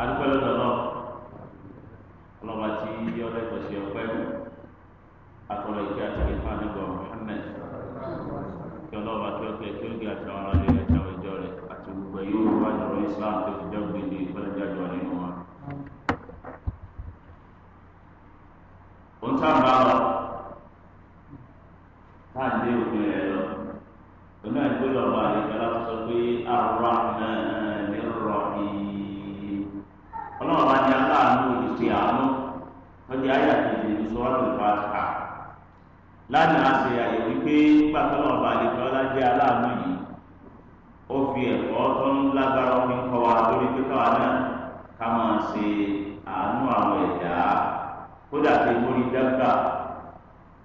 adúpẹ́ lọ́dọ̀ náà ọlọ́ba tí yọ lẹ́tọ̀ sí ọpẹ́ akọ̀rọ̀ ìkẹ́ àti ìfẹ́ àdúgbò Muhammad kí ọlọ́ba kí ọkẹ́ kí ó gé àti àwọn ọlọ́lẹ̀ àti àwọn ìjọ rẹ̀ àti gbogbo yóò wá ìrọ̀ Islam tó ti jọ́ gbélé ìfẹ́lẹ́jájọ nínú wọn. òun sábà lọ táà ń dé òfin rẹ̀ lọ òun náà gbé lọ́ba àlejò alákòóso pé àrùn rà náà. ṣe àánú lọ́dí àyà kejì ní sọ́wọ́tò fàtà lánàá ṣe àyẹ̀wò wípé pàtàkì ọba àlejò ọlájẹ́ aláàánú yìí ó fi ẹ̀kọ́ tó ń lágbára omi kọ́ wa lórí pípa wa náà ká máa ṣe àánú àwọn ẹ̀dá kódà pé mórí dágbà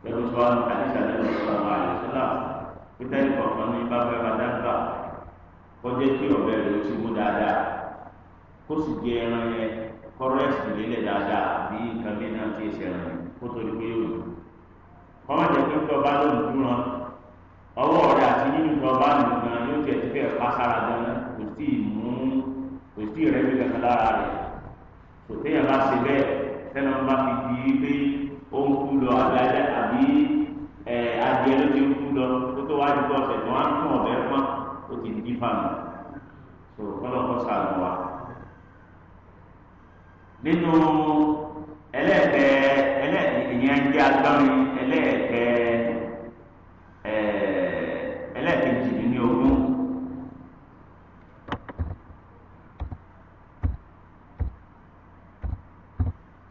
pẹ̀lú sọ́wọ́n àdìsá lẹ́nu sọ́wọ́n àlejòlá pété ìkọ̀kan ní bá fẹ́ bá dágbà kọjá kí ọ̀bẹ rẹ̀ ó ti mú dáadáa kó sì jẹ ẹran yẹn kọ́rọ́ ẹ̀sìn lélẹ̀ dáadáa bí nǹkan bí náà ti ṣe kó tó di pé yóò lò. kọ́mọ̀ jẹ́ pé tọ́ba ló ń dúró ọwọ́ rẹ̀ àti nínú tọ́ba nù gan yóò tiẹ̀ ti fẹ́ẹ̀ pására gan kò sí ìmú kò sí ìrẹ́bí kankan lára rẹ̀ kò téèyàn bá ṣe bẹ́ẹ̀ sẹ́nu bá fi di pé ó ń kú lọ àbí adìẹ ló ti ń kú lọ kó tó wájú bọ́ọ̀sẹ̀ tó wá ń tún ọ̀bẹ pọ́n ó ti di fáwọn. sọ̀rọ̀ kọ́lọ́kọ́ sàlùwà nínú ẹlẹ́ẹ̀kẹ́ ẹlẹ́ẹ̀kẹ́ ìyẹn jẹ́ agbárin ẹlẹ́ẹ̀kẹ́ ẹlẹ́ẹ̀kejì ní ogún.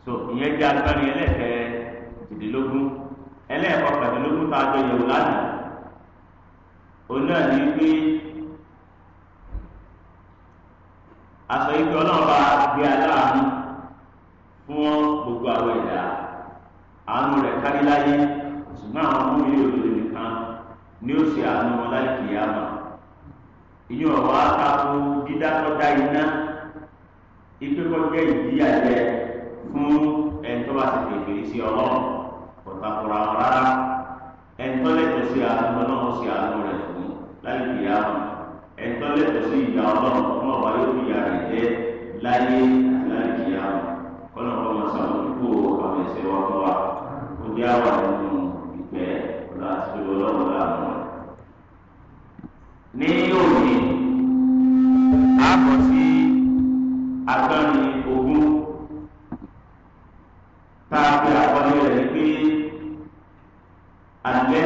so ìyẹn jẹ́ agbárin ẹlẹ́ẹ̀kẹ́ jìdínlógún ẹlẹ́ẹ̀kọ́ kàdínlógún tá a jọ yẹ̀wò lánàá òun náà ní pé aṣọ ìgbẹ́ ọlọ́run gbé aláàánú fún gbogbo àwọn ẹ̀dá àánú rẹ̀ kárí láyé ṣùgbọ́n àwọn ọmọ ilé òdòdó nìkan ni ó ṣe àánú wọn láì kìyàmà ìyẹn ọ̀rọ̀ àtàkù dídákọ́dá iná ìpínkọ́jẹ́ ìdíyà jẹ fún ẹ̀ńtọ́ bá ti tètè sí ọlọ́run kọ̀tàkùrà rárá ẹ̀ńtọ́ lẹ́tọ̀ọ́ sí àánú ọlọ́run sí àánú rẹ̀ fún láì kìyàmà ẹ̀ńtọ́ lẹ́tọ̀ọ́ sí ìyá ọlọ́run fún ọ̀wá yóò fi yàrá jẹ láyé. òbí àwà nínú ìgbẹ́ ọ̀la àti ọlọ́run láàmú. ní òní a bọ̀ sí agbọ́nni ogún tá a fi àkọlé rẹ̀ pé àgbẹ̀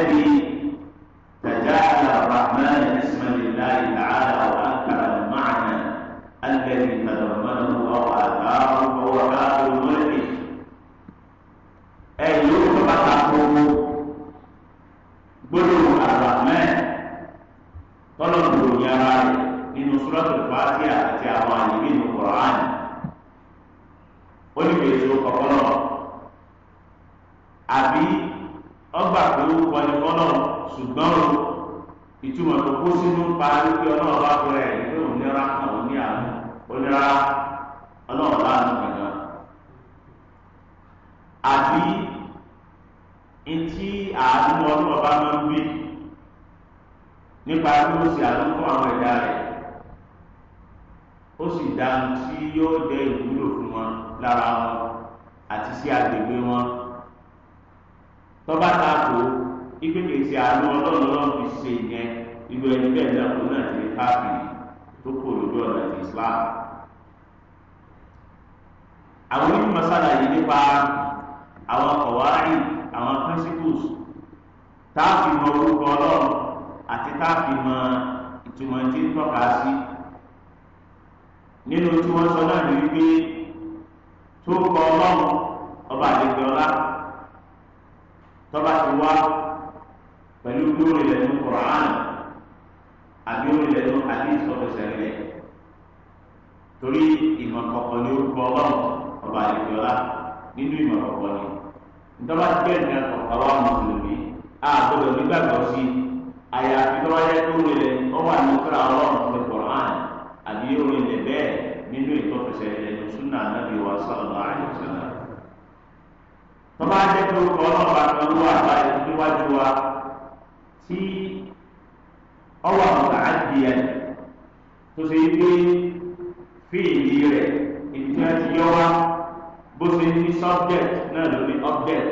oríṣiríṣi àánú ọlọ́run ọlọ́run fi ṣe ìyẹn irú ẹni bẹ́ẹ̀ náà kó náà ti káàkiri tó kò lójú ọ̀nà ti Islam. àwọn onímọ̀ sàlàyé nípa àwọn kọ̀wárì àwọn principles táàfin mọ orúkọ ọlọ́run àti táàfin mọ ìtumọ̀ tí ń tọ́ka sí nínú tí wọ́n sọ náà ní wípé tó kọ ọlọ́run ọba àdégbè ọlá tọ́ba ti wá pẹ̀lú gbóòrè lẹ́nu Qur'an àbí òrè lẹ́nu àti ìsọfẹsẹ̀rẹ̀ torí ìmọ̀ kọ̀ọ̀kan ní orúkọ ọlọ́run ọba àdìgbọ́lá nínú ìmọ̀ kọ̀ọ̀kan ni ntọ́ba ti bẹ́ẹ̀ ní ọ̀pọ̀ àwọn mùsùlùmí àgbọ̀dọ̀ nígbàgbọ́ sí àyàfi tọ́ba yẹ kó òrè lẹ ọwọ́ àti ìtura ọlọ́run ní Qur'an àbí òrè lẹ bẹ́ẹ̀ nínú ìsọfẹsẹ̀rẹ̀ lẹ́nu súnà anábì wa sallallahu alaihi wasallam tọ́ba jẹ́ kó ọlọ́run tí ọwọ́ àgbà á di ẹ̀ tó ṣe pé fíìlì rẹ̀ èyí ti yọ wá bó ṣe ní subject náà ló ní object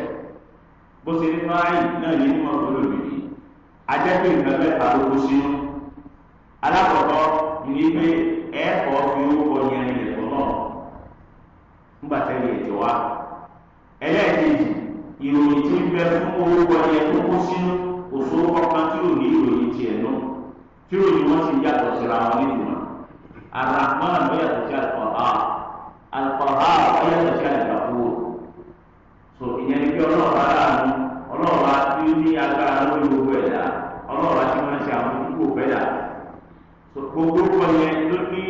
bó ṣe ní fáìlì náà ní mọ̀ olóbìnrin ajẹ́pẹ́ nǹkan mẹ́ta ló kó alákọ̀ọ́kọ́ ní pé ẹ̀ẹ́kọ́ fi ní ẹ̀kọ́ náà nígbà ẹlẹ́ẹ̀kejì ìròyìn tí ń bẹ fún òṣòro kankan tí ò ní ìròyìn tiẹ̀ nù tí ìròyìn wọn ti yàtọ̀ síra wọn nínú wọn arahman ló yàtọ̀ sí alifọ̀há alifọ̀há ló yàtọ̀ sí alifọ̀hó so ìyẹn ni pé ọlọ́ọ̀rọ̀ aláàánú ọlọ́ọ̀rọ̀ àti ní agbára lórí gbogbo ẹ̀dá ọlọ́ọ̀rọ̀ àti máa ń ṣe àwọn ìdúgbò fẹ́dà so gbogbo wọn yẹn ló ní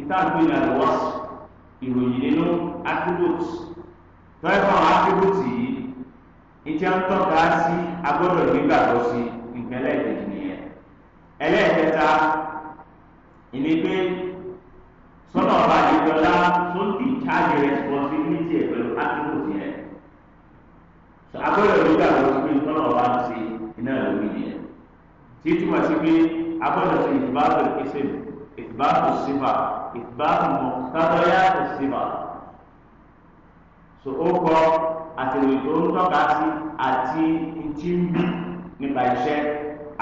ìtàgbé ìròyìn nínú attributes tọ́ẹ̀fọ̀n attributes yìí ìtì à ń tọ́ka sí agbọ́dọ̀ nígbàgbọ́ sí nǹkan ẹlẹ́ẹ̀kejì nìyẹn ẹlẹ́ẹ̀kẹta ìní pé sọ́nà ọba àdìjọlá tó ti charge responsibility ẹ̀ pẹ̀lú attribute yẹn agbọ́dọ̀ nígbàgbọ́ sí pé sọ́nà ọba ń ṣe iná lórí nìyẹn títúmọ̀ sí pé agbọ́dọ̀ sí ìdìbàbọ̀ ìṣèlú ìdìbàbọ̀ sífà ìdìbàbọ̀ mọ̀tàbọ̀yà ìṣèlú so ó kọ́ àtẹ̀wé tó ń tọ́ka sí àti tí ń bí nípa iṣẹ́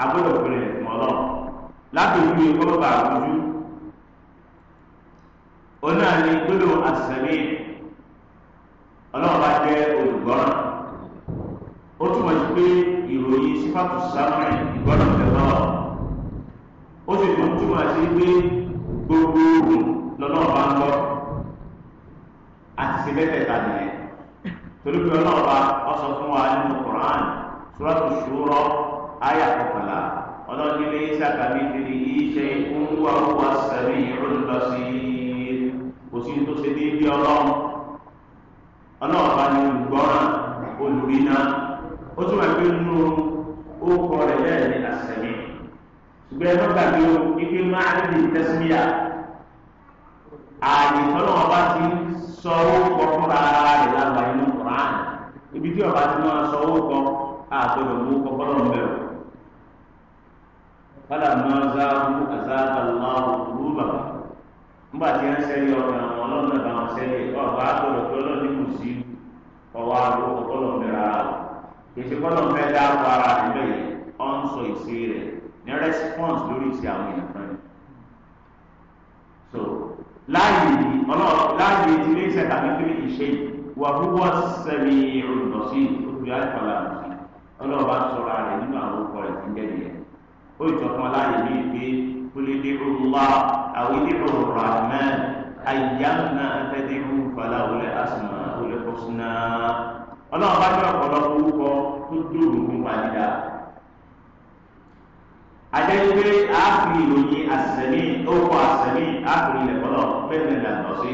agbọ́dọ̀ pèrè fún ọlọ́run láti fi ìkọ́lọ́bà àbújú oní àní gbọ́dọ̀ àṣìṣẹ́lẹ̀ ọlọ́run bá jẹ́ olùgbọ́ràn ó túmọ̀ sí pé ìròyìn sífàtù sáwọn ìgbọ́dọ̀ tẹ̀lọ́ ó sì tún túmọ̀ sí pé gbogbo ogun lọ́lọ́run ń lọ àṣìṣe mẹ́tẹ̀ẹ̀ta nìyẹn torí pé ọlọ́ọ̀ba ọsọ fún wa nínú Quran suratu Shura ayà kọkànlá ọlọ́ọ̀ni lè ṣàkàmì ìdílé yìí ṣe ńwá wá sẹ́mi ìrọ̀lùbọ̀sí kò sí tó ṣe déédéé ọlọ́run ọlọ́ọ̀ba ni olùgbọ́ràn olùrìnà ó tún wà pé nínú ó kọ rẹ̀ bẹ́ẹ̀ ni àṣẹ̀mí ṣùgbọ́n ẹ̀rọ gbàgbé o ibi máa ń di tẹ́símíà ààyè tọ́lọ́wọ́ bá ti sọ ó fúnra rẹ̀ lágbàá inú ibi tí ọba ti máa sọ owó kan àtọ̀rọ̀ owó kan fọlọ́run bẹ̀rù fọlá máa zá owó kàzá àlọ́ òwú bàbá nígbà tí wọ́n sẹ́yìn ọ̀rọ̀ àwọn ọlọ́run náà bá wọn sẹ́yìn ọba àtọ̀rọ̀ pé ọlọ́run ní kò sí ọwọ́ àlọ́ fọlọ́run bẹ̀rù ara rẹ̀ kèsì fọlọ́run fẹ́ dá àpò ara rẹ̀ bẹ̀rẹ̀ ọ̀ ń sọ ìṣe rẹ̀ ní response lórí ìṣe àwọn èèyàn so láàyè ìdílé ìṣẹ̀ tàbí ìṣe yìí wà wúwọ́ sẹ́mi olùdọ̀sí olùdí àìkọlà àmì ọlọ́ọ̀bá sọ̀rọ̀ rẹ̀ nínú àwọn ọkọ rẹ̀ ti ń jẹ́ nìyẹn ó ìjọkan láàyè ní ìgbé kúlídé olùwà àwọn ilé olùrà mẹ́rin àyànnà tẹ́tẹ́kù fàlà olè àsùnà olè kọ́sùnà ọlọ́ọ̀bá ní ọ̀pọ̀lọpọ̀ orúkọ tó dúró gbogbo ìròyìn àsẹ̀mí owó àsẹ̀mí àfi ìlẹ̀kọ́lọ̀ bẹ́ẹ̀ ni làǹdọ̀sí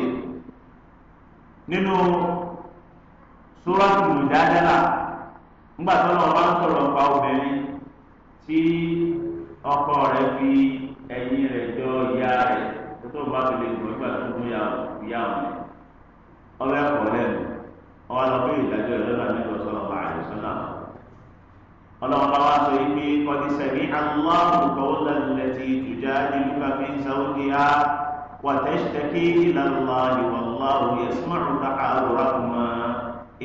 nínú sóràtù mùjádàlà ńgbà tó lọ bá ń sọ̀rọ̀ pa obìnrin tí ọkọ rẹ̀ fi ẹ̀yìn rẹ̀ jọ ìyá rẹ̀ tó tó bá fi lè gbọ́ nígbà tó ń yà ìyá rẹ̀ ọlọ́ ẹ̀kọ́ lẹ́nu ọwọ́ lọ bí ìdájọ́ ìlọ́lá nígbà sọ̀rọ̀ bá àyè sọ́nà ọlọ́pàá wa sọ yìí pé kọ́ni sẹ́mi aláwọ̀ kọ́wọ́lá lẹ́tì ìtùjá nípa fi ń sáwọ́kì á wà tẹ́sítẹ́kì ìlànà ìwà aláwọ̀ yẹ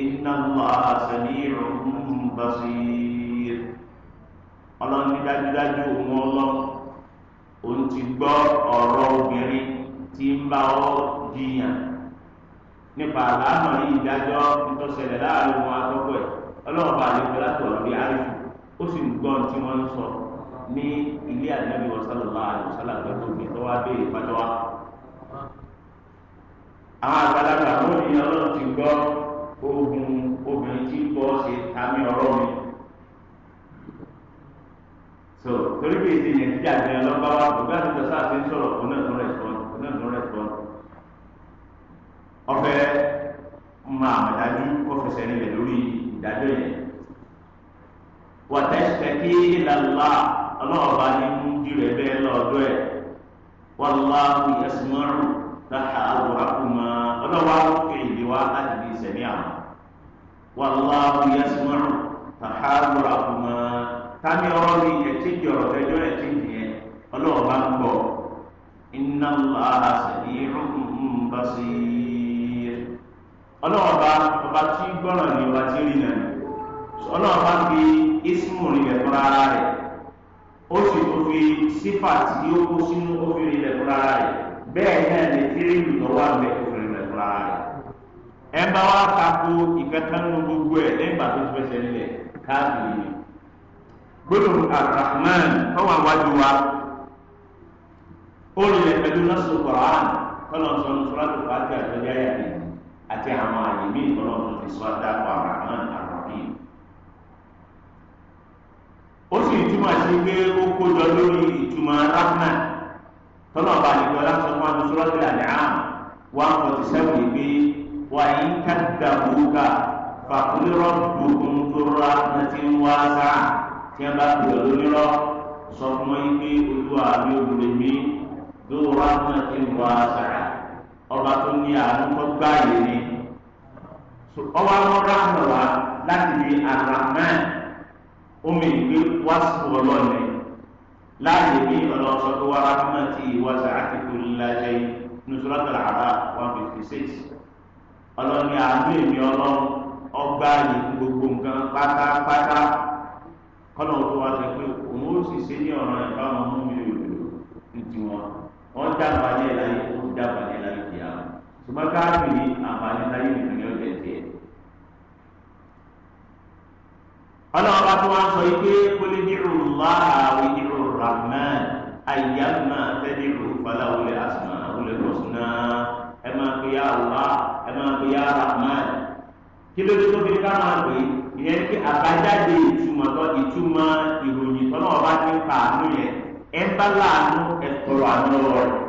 inna Allaha sami'un basir ọlọ́run ní dájúdájú òun ọlọ́run òun ti gbọ́ ọ̀rọ̀ obìnrin tí ń bá ọ jiyàn nípa àlámọ̀ yìí ìdájọ́ ìtọ́sẹ̀lẹ̀ láàrin wọn àtọ́kọ̀ ẹ̀ ọlọ́run bá lè fẹ́lá tó ọ̀rẹ́ àrífù ó sì ń gbọ́ tí wọ́n ń sọ ní ilé ànábì wọn sallallahu alaihi gbẹ́gbẹ́ òbí tó wá béèrè fájọ́ wa. àwọn àgbàlagbà wọn ni ọlọ́run ti gbọ́ ogun obìnrin tí kọ́ ṣe tàmí ọ̀rọ̀ mi. so torí bí èdè yẹn ti àgbẹ̀ ọlọ́ba wa bùgá ti tọ́ sáà ti ń sọ̀rọ̀ kó náà tó rẹ̀spọ́n kó náà tó rẹ̀spọ́n. ọ̀fẹ́ máa àmàdájú kó fẹsẹ̀ nílẹ̀ lórí ìdájọ́ yẹn. wàtẹ́sẹ̀ kí ìlàlá ọlọ́ọ̀bá ní mú jù bẹ́ẹ̀ lọ́ọ̀dọ́ ẹ̀ wàlláhu yasmọ́rù bàtà àwòrán kù mọ́ ọlọ́wà òkè ìdè wa láti di ìsẹ̀mí àwọn. wàlláhu yasma'u tàhà àwòrán kù mọ́ tàbí ọ̀rọ̀ mi ẹ̀tí jọ̀rọ̀ ẹjọ́ ẹ̀tí nìyẹn ọlọ́wà bá ń bọ̀. iná lọ́ha sẹ̀dí rúkùn bá sí i. ọlọ́wà ni ọba tí rìn náà ọlọ́wà bá fi ismu rìn tó fi sífà tí ó kó sínú ó fi rìn lẹ̀ fúnra bẹ́ẹ̀ náà lè kiri ìlọ́wọ́ àmì ìfúnni mẹ́fúnra rẹ̀. ẹ bá wá tako ìkẹtànú gbogbo ẹ̀ lẹ́yìn ìgbà tó fẹsẹ̀ nílẹ̀ káàkiri ni. gbọ́dọ̀ Ar-Rahman ahụ ọ wa ó lè yẹ àti àwọn sọ ó sì túmọ̀ sí pé ó kó jọ lórí ìtumọ̀ tọ́lọ̀ bá ní ọlá sọ fún àwọn sọ́lá tẹ̀lé àlẹ́ àmì one forty seven ìgbé wà ní kàdà wúkà fàkúlérọ̀ dùkún tó rà nàti wá sáà tí a bá pè ọ́ lónírọ̀ sọ fún wọn ìgbé olúwa àbí olùlẹ̀ mi tó rà nàti wá sáà tó ní àánú tó gbá yìí ni ọba tó rà nàwa láti di àràmẹ́ omi ìgbé wá sí ọlọ́ọ̀lẹ́ láti ní ọlọ́sọ tó wá rákúmọ̀tì ìwọ́sà àti kùnlẹ́sẹ̀ nùsùlọ́tàlá àbá one fifty six ọlọ́ni àánú èmi ọlọ́run ọgbà yìí gbogbo nǹkan pátápátá kọ́nà tó wá sọ pé òun ó sì ṣe ní ọ̀ràn ẹ̀ka ọmọ mú mi lò lò ti wọn wọn dábàá ní ẹ̀la yìí ó dábàá ní ẹ̀la yìí kìá ṣùgbọ́n káàdì ní àǹfààní láyé nìkan ní ọjọ́ ẹ̀. ọlọ́run bá tó wá sọ yìí pé kólé ní ìrùlá àwọn ìrùlá rahman ayyamma tẹ́lifù falawo lè asùnà olè kọ̀sùnà ẹ máa pe ya Allah ẹ máa pe ya rahman kí ló dé tó fi ká máa pè ìyẹn ní pé àbájáde ìtumọ̀ tó ìtumọ̀ ìròyìn tó náà bá ti ń pa àánú yẹn ẹ ń bá láàánú ẹ tọrọ àánú lọ́wọ́ rẹ̀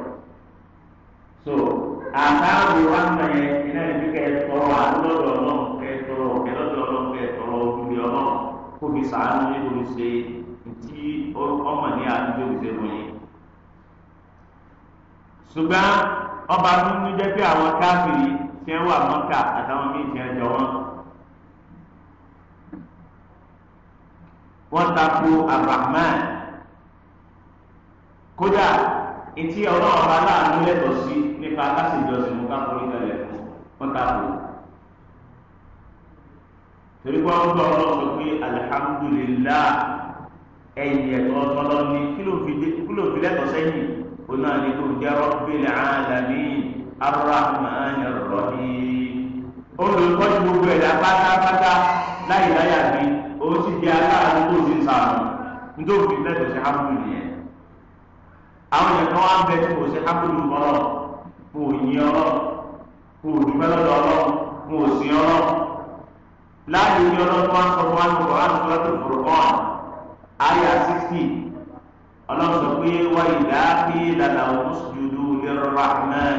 so àtàwọn ìwà ń bẹ̀yẹ iná ìdí kẹ tọrọ àánú lọ́dọ̀ ọlọ́run kẹ tọrọ ọ̀kẹ́ lọ́dọ̀ ọlọ́run kẹ tọrọ ojú ọlọ́run kó fi sàánú nínú ṣe é. ṣùgbọ́n ọba tuntun jẹ́ pé àwọn káfíìrì tí ń wà mọ́kà àtàwọn míì tí ń jọ wọn. wọ́n tako abrahman kódà etí ọlọ́run ọba láàánú lẹ́tọ̀ọ́ sí nípa aláṣẹjọsìn mú káfíìrì tẹ̀lé fún wọ́n tako. torí pé wọ́n gbọ́ ọlọ́run sọ pé alihamudulilayi ẹ̀yìn ẹ̀tọ́ ọlọ́run ni kí ló fi lẹ́tọ̀ọ́ sẹ́yìn onáàdìgbò jẹ́ rabbil alamin arrahmanir rahim olùkọ́jú gbogbo ẹ̀dá pátápátá láyé láyà bí ó sì jẹ́ aláàánú tó ti ń sàmù nítorí lẹ́tọ̀ọ́ sí hábùlù nìyẹn àwọn èèyàn kan wá ń bẹ tí kò sí hábùlù mọ́rọ̀ kò yín ọ̀rọ̀ kò dúpẹ́ lọ́dọ̀ ọ̀rọ̀ kò sí ọ̀rọ̀ láàyè ní ọlọ́dún wá sọ wa ní ọ̀rọ̀ àti ọ̀rọ̀ tó fòrò kọ́ àyà ọlọ́sọ pé wọ́n ìdá pé lànà òṣùjúdú lirrahman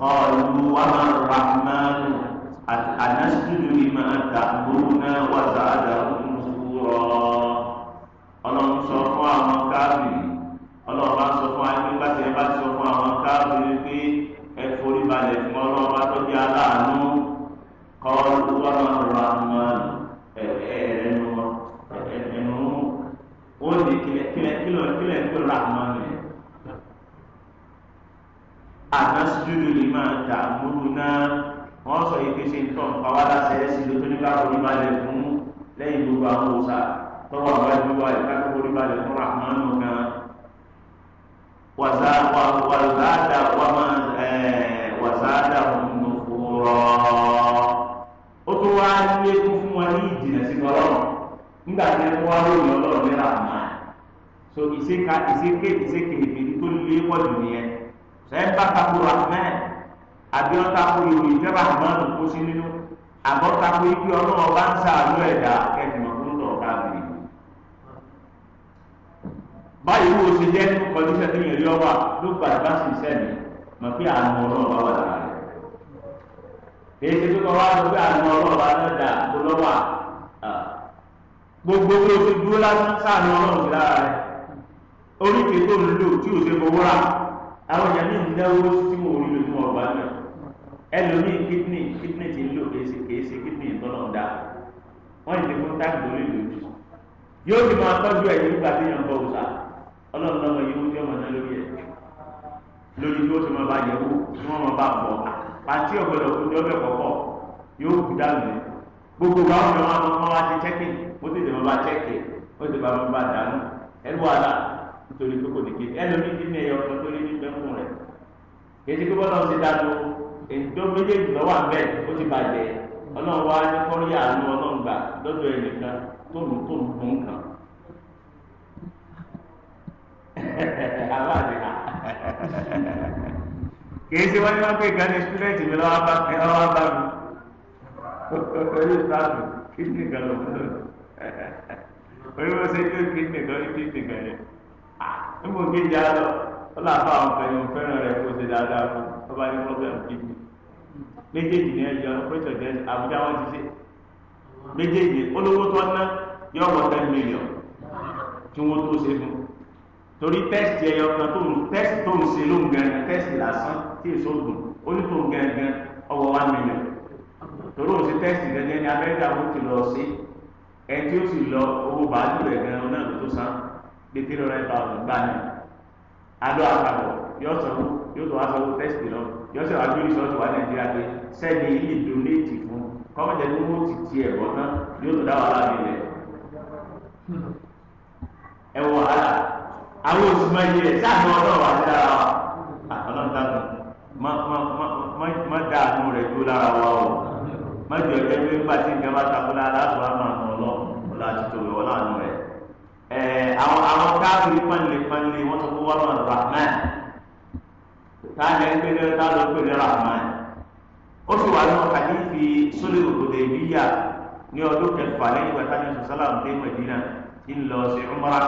qalu wa ma rahman anasjudu lima ta'muruna wa zadahum nufura ọlọ́run sọ fún àwọn káàbì ọlọ́run bá sọ fún àwọn bá tiẹ̀ bá sọ fún àwọn káàbì pé ẹ forí balẹ̀ fún ọlọ́run bá tọ́jú aláàánú qalu wa ẹ̀ẹ́dẹ́nu ẹ̀ẹ́dẹ́nu ó ní. ànásíjúdù lè máa dà múrú náà wọ́n sọ ìpèsè nǹkan pàwọ́ aláṣẹ ẹ̀sìn ló tó ní káwọn orí balẹ̀ fún lẹ́yìn gbogbo àwọn òòsà tọwọ́ àwájú wa ìkákòó orí balẹ̀ fún rahmanu gan wàzá wàlúbàdà wàmà wàzádà nùkúrọ̀ ó tó wá lé fún wọn ní ìjìnlẹ̀ sí ọlọ́run nígbà tí wọ́n wá lóyún ọlọ́run ní rahman so ìṣèké ìṣèké ìbí tó lé pọ̀ jù nìyẹn ẹ bá tako rahman àbí ọ tako ìwé ìfẹ́ rahman kó sí nínú àbọ̀ tako ibi ọlọ́run ọba ń sàánú ẹ̀dá ẹ̀dùnmọ̀ tó ń lọ ọ̀gá àgbèrè. báyìí wo ṣe jẹ́ nínú kọ́ndíṣẹ́ tó yẹn rí ọba ló gbàdúrà sí sẹ́ni mọ̀ pé àánú ọlọ́run ọba wà lára rẹ̀. èyí ti tó wá lọ pé àánú ọlọ́run ọba náà dà tó lọ́wọ́ gbogbo tó ti dúró lásán sáà ní ọlọ́run ti lára rẹ̀ oríkèé tó ń lò tí ò àwọn èèyàn ní ìnáwó tí mo rí lójú ọgbà náà ẹlòmíì kídìní kídìní ti ń lò kéésì kéésì kídìní ìtọ́nà dá wọ́n ti fún táàgbó lè lòdì yóò ti máa tọ́jú ẹ̀ nígbà tí yàn bọ̀ wùsà ọlọ́run náà yóò tí ọmọ náà lórí ẹ̀ lórí tí ó ti máa bá yẹ kó tí wọ́n máa bá bọ̀ àti ọ̀gbọ̀dọ̀ kó tí ọbẹ̀ kọ̀ọ̀kọ̀ yóò kú dànù gbogbo báwọn ọmọ wa ti chẹ́kì ó ti dè máa bá chẹ́kì ó ti bá máa bá dànù ẹ̀rù wàhálà nítorí pé kò ní ké ẹlòmí ti ní ẹyọ ọkàn tó lé ní mẹ́fún rẹ̀ kéde pé bọ́lá ti dáko èdò méjèèjì lọ́wọ́ àbẹ́ ó ti bàjẹ́ ọlọ́run wá ní kọ́rí àánú ọlọ́run gbà lọ́dọ̀ ẹnìkan tóun tóun tó ń kàn. aláàdì náà kìí ṣe wọ́n ní wọ́n pé ìgbà ní sítúdẹ̀tì mi lọ́wọ́ bá mi lọ́wọ́ bá mi pẹ̀lú sáàbù kíndìnrín kan lọ́wọ́ orí wọn ṣe ń gbé kíndìnrín kan ní kíndìnrín kan yẹn níbo kejì àlọ́ ọlọ́ àfa àwọn fẹ̀yìn òfẹ́ràn rẹ̀ kó ṣe dáadáa fún ọba ní pọ́blẹ́mù kíbi méjèèjì ní ẹ̀yọ pẹ́tọ̀ jẹ́ àbújá wọn ti ṣe méjèèjì olówó tó ná yọ wọ ten million tí wọ́n tó ṣe fún torí tẹ́sì ẹ̀yọ kan tó ń tẹ́sì tó ń ṣe ló ń gẹ̀rẹ̀ tẹ́sì lásán tí èso gùn ó ní tó ń gẹ̀rẹ̀ ọwọ́ one million torí òun ṣe tẹ́sì gẹ́gẹ́ ní Amẹ́ríkà ó ti lọ sí ẹ̀ tí ó sì lọ owó bàálù rẹ̀ gẹ̀rẹ̀ náà tó sáà bíi three hundred thousand gbà náà adó àpapọ̀ yóò sọ yóò tó wá sọ tẹ́sítì lọ yóò sọ àjọ ìṣọ́jú wa nàìjíríà pé sẹ́ni ilé donate fún kọ́mọ̀tẹ́ ní wọ́n ti ti ẹ̀rọ náà yóò tó dá wàhálà mi rẹ̀ ẹ wọ wàhálà àwọn oṣù máa yẹ sáànù ọlọ́run wà sí lára wa ọlọ́run dànù má dààmú rẹ̀ tó lára wa o má jẹ́ ẹgbẹ́ pé pàṣẹ ìjọba takò lára àtúwà máa nà ọlọ́run ọlọ́run àti tòwé ọlọ́run rẹ̀. Eh, àwọn àwọn káàkiri fọ́nlé fọ́nlé wọ́n sọ fún wọ́n rahman táàjà ń pèlè táàjà ń pèlè rahman ó sì wà ní àdífi sólè òkòdè ìbíyà ní ọdún kẹfà lẹ́yìn ìgbà táàjà sọ sálàmù dé Mẹdínà ń lọ sí umra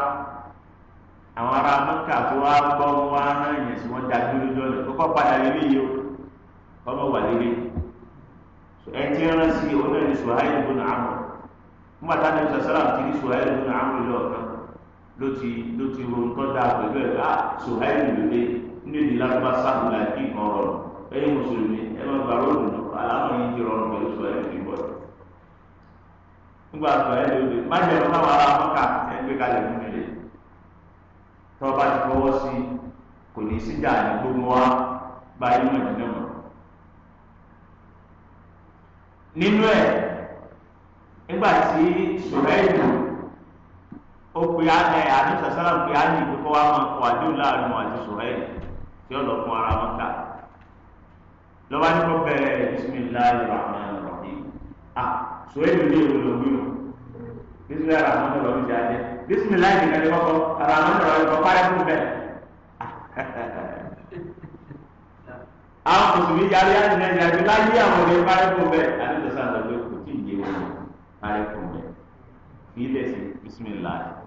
àwọn ará mẹ́kà tó wá gbọ́ wá náà yẹn sí wọ́n dájú lójú ọ̀nà kókó padà lélẹ́ yìí o ọmọ wà lélẹ́ ẹ ti rán sí onáyìn sùháìlì bùnà àmọ̀ nígbà táàjà sọ sálàmù ti ní sùháìlì bùnà àmọ̀ lọ́ọ̀kan ló ti ló ti ro nǹkan dáa pẹ̀lú ẹ̀ á sòháìlì lòlẹ́ nínú ìdílé agbá sáàmùlà kí nǹkan rọrùn ẹ̀yin mùsùlùmí ẹ máa gba róòlù náà aláwọ̀ yìí ti rọrùn pẹ̀lú sòháìlì ti bọ̀ nígbà sòháìlì lòlẹ́ má jẹ́ ọ̀nà wà á mọ́kà ẹgbẹ́ kalẹ̀ fún mi lè tọ́ bá ti fọwọ́ sí kò ní síjà ní gbogbo wa gba ayé mọ̀ nínú mọ̀ nínú ẹ̀ nígbà tí sòháìlì ó pe alẹ àdìsàsára pe alẹ ìgbẹ́kọ̀ wa máa kọ àdéhùn láàrin wọn àti sùhẹ́ẹ̀ tí ó lọ fún ara wọn ká lọ́wọ́ ní kò bẹ̀rẹ̀ bisimilayi rahman rahim ah sùhẹ́ẹ̀ ní ìwé lómi o bisimilayi rahman rahim ti adé bisimilayi nìkan ní kọ́kọ́ rahman rahim kọ́ parẹ́ fún bẹ́ẹ̀ àwọn mùsùlùmí yàrá yàrá ìrìn àjò láyé àwọn ọ̀rẹ́ parẹ́ fún bẹ́ẹ̀ àdìsàsára lọ́wọ́ kò tí ì yé wọn parẹ́ fún bẹ́ẹ̀ fi sí bisimilayi.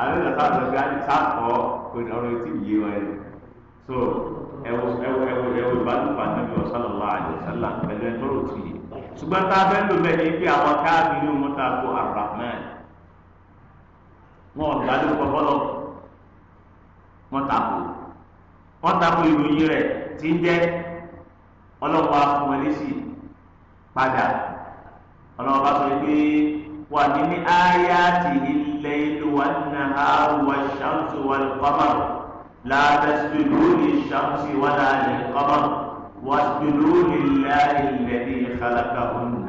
àwọn ìlànà sáà lọ́sẹ̀ àti sáàkọ́ ọ̀rọ̀ etí yé wọn so ẹwọ ẹwọ ẹwọ ẹwọ ìbálòpọ̀ ànábi ọ̀sálọ̀lá àjọsálà pẹ̀lú ẹ̀ tọ́rọ̀ tì í ṣùgbọ́n tá a fẹ́ lò bẹ́ẹ̀ ni pé àwọn káàbì ní òun ta ko arahman wọn ọ̀gá ló kọ́ fọ́lọ́ wọn ta ko wọn ta ko ìròyìn rẹ̀ ti ń jẹ́ ọlọ́pàá fún ẹ lẹ́sì padà ọlọ́pàá sọ الليل والنهار والشمس والقمر لا تسجدوا للشمس ولا للقمر واسجدوا لله الذي خلقهن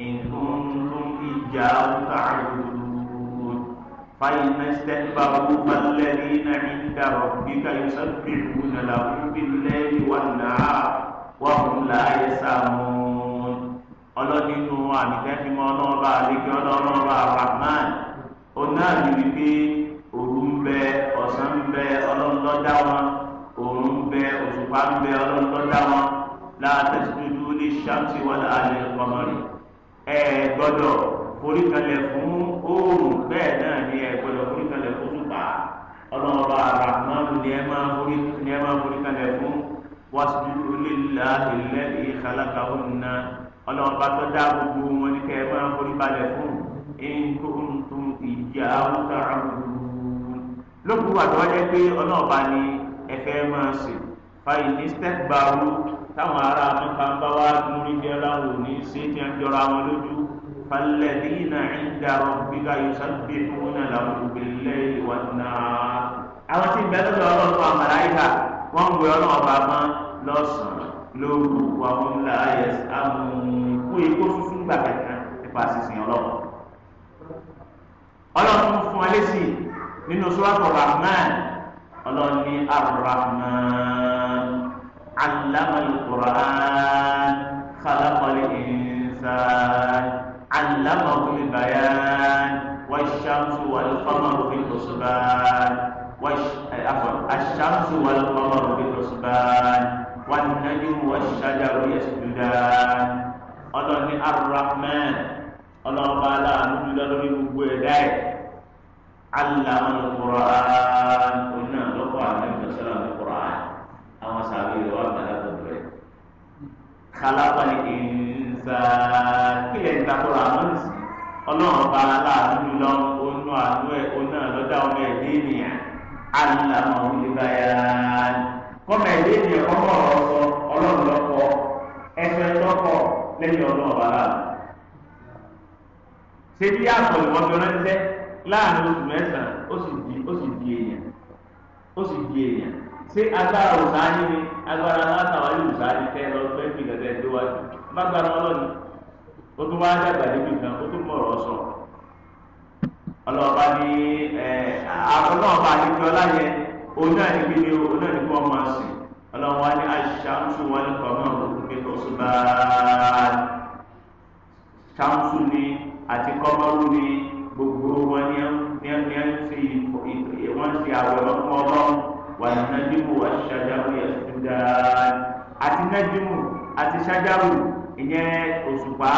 إن كنتم إياه تعبدون فإن استكبروا فالذين عند ربك يسبحون له بالليل والنهار وهم لا يسامون ọlọ́dínú àmì tẹ́fìmọ́ ọlọ́ọ̀bá àlejò ọlọ́ọ̀bá rahman ọ̀nà àbí wípé òru ń bẹ ọ̀sán ń bẹ ọlọ́ńdọ́ dá wọn òòrùn ń bẹ òṣùpá ń bẹ ọlọ́ńdọ́ dá wọn látẹ̀síjú ní ṣáàtì wà láàrin ọmọrin ẹ gbọ́dọ̀ foríkalẹ̀ fún òòrùn bẹ́ẹ̀ náà ni ẹ gbọ́dọ̀ foríkalẹ̀ fún òṣùpá ọlọ́mọba àràmánù ni ẹ máa foríkalẹ̀ fún wàsíjú lílá ilẹ̀ ìkàlákà òun ọlọ́mọba tó dá gbogbo wọn ní kẹ́ ẹ máa foríkalẹ̀ fún nkuntun ìjà awúta àbùrùn lókùn àtọwọjẹ pé ọlọ́ọ̀bá ni ẹ̀fẹ́ máa ṣe fàyè ní step baro táwọn ará mẹ́fà ń bá wá múrí jẹ́ láwọn òní ṣé tí wọ́n jọra wọn lójú falẹ́dínà ìjà ọ̀gbíga yosàgbé fún náà làwọn òbílẹ̀ ìwà àwọn tí bẹ́ẹ̀ lọ́dọ̀ ọlọ́run àmàláyà wọ́n ń gbé ọlọ́ọ̀bá mọ́ lọ́sàn-án lóru wàhùn láyẹ̀sì àmú fún ikú fífún gbàgbẹ́ kan nípa sísìn ọlọ́run ọlọ́run tún fún wa lésì nínú sọ́wọ́tò rahman ọlọ́run ní arrahman allamal qur'an khalaqal insan allamahul bayan wash-shamsu wal-qamaru bil-husban eh, ash-shamsu wal-qamaru bil-husban wan-najmu wash ọlọ́run ní arrahman ọlọ́ọ̀bá aláàánú jùlọ lórí gbogbo ẹ̀dá ẹ̀ aláàánú kúrọ̀ oní náà lọ́kọ̀ àwọn ìgbésẹ̀ náà ní kúrọ̀ àwọn sàbí ìwà àgbàlagbà rẹ̀ kálábà ní ìnza kílẹ̀ ń takọ̀rọ̀ àwọn ìsì ọlọ́ọ̀bá aláàánú jùlọ onú àánú ẹ̀ oní náà lọ́dá ọmọ ẹ̀ léènìyàn aláàánú ìgbáyà kọ́mọ ẹ̀ léènìyàn kọ́mọ ọ̀rọ̀ sọ ọlọ́ọ̀lọ́kọ̀ ẹgbẹ́ lọ́kọ̀ lẹ́yìn ọlọ́ọ̀bá aláàánú ṣé bí yàtọ̀ ìwọ́n tó ránṣẹ́ láàrin oṣù mẹ́sàn-án ó sì di ó sì di èèyàn ó sì di èèyàn ṣé agbára òsáájú ni agbára látàwájú òsáájú tẹ lọ fẹ́ fi gàdẹ́ tó wájú má gbára ọlọ́ni ó tún wá dàgbà débi kan ó tún mọ̀ ọ̀rọ̀ sọ̀rọ̀ ọlọ́ọ̀bá ní ọlọ́ọ̀bá àdìgbò ọláyẹ onáàdìgbìlẹ̀ onáàdìgbò ọmọ ọ̀sìn ọlọ́wọ́ ní aṣáájú wọn ní kọ̀ọ̀mọ́ òkú kékeré ọ̀sùn báà ṣáájú ní àti kọ́mọ́rú ni gbogbo wọn ní wọ́n ṣe àwẹ̀ ọkọ̀ ọlọ́run wà ní nájúmù àti ṣájáwù yẹn tuntun dáadáa àti nájúmù àti ṣájáwù ìyẹn òṣùpá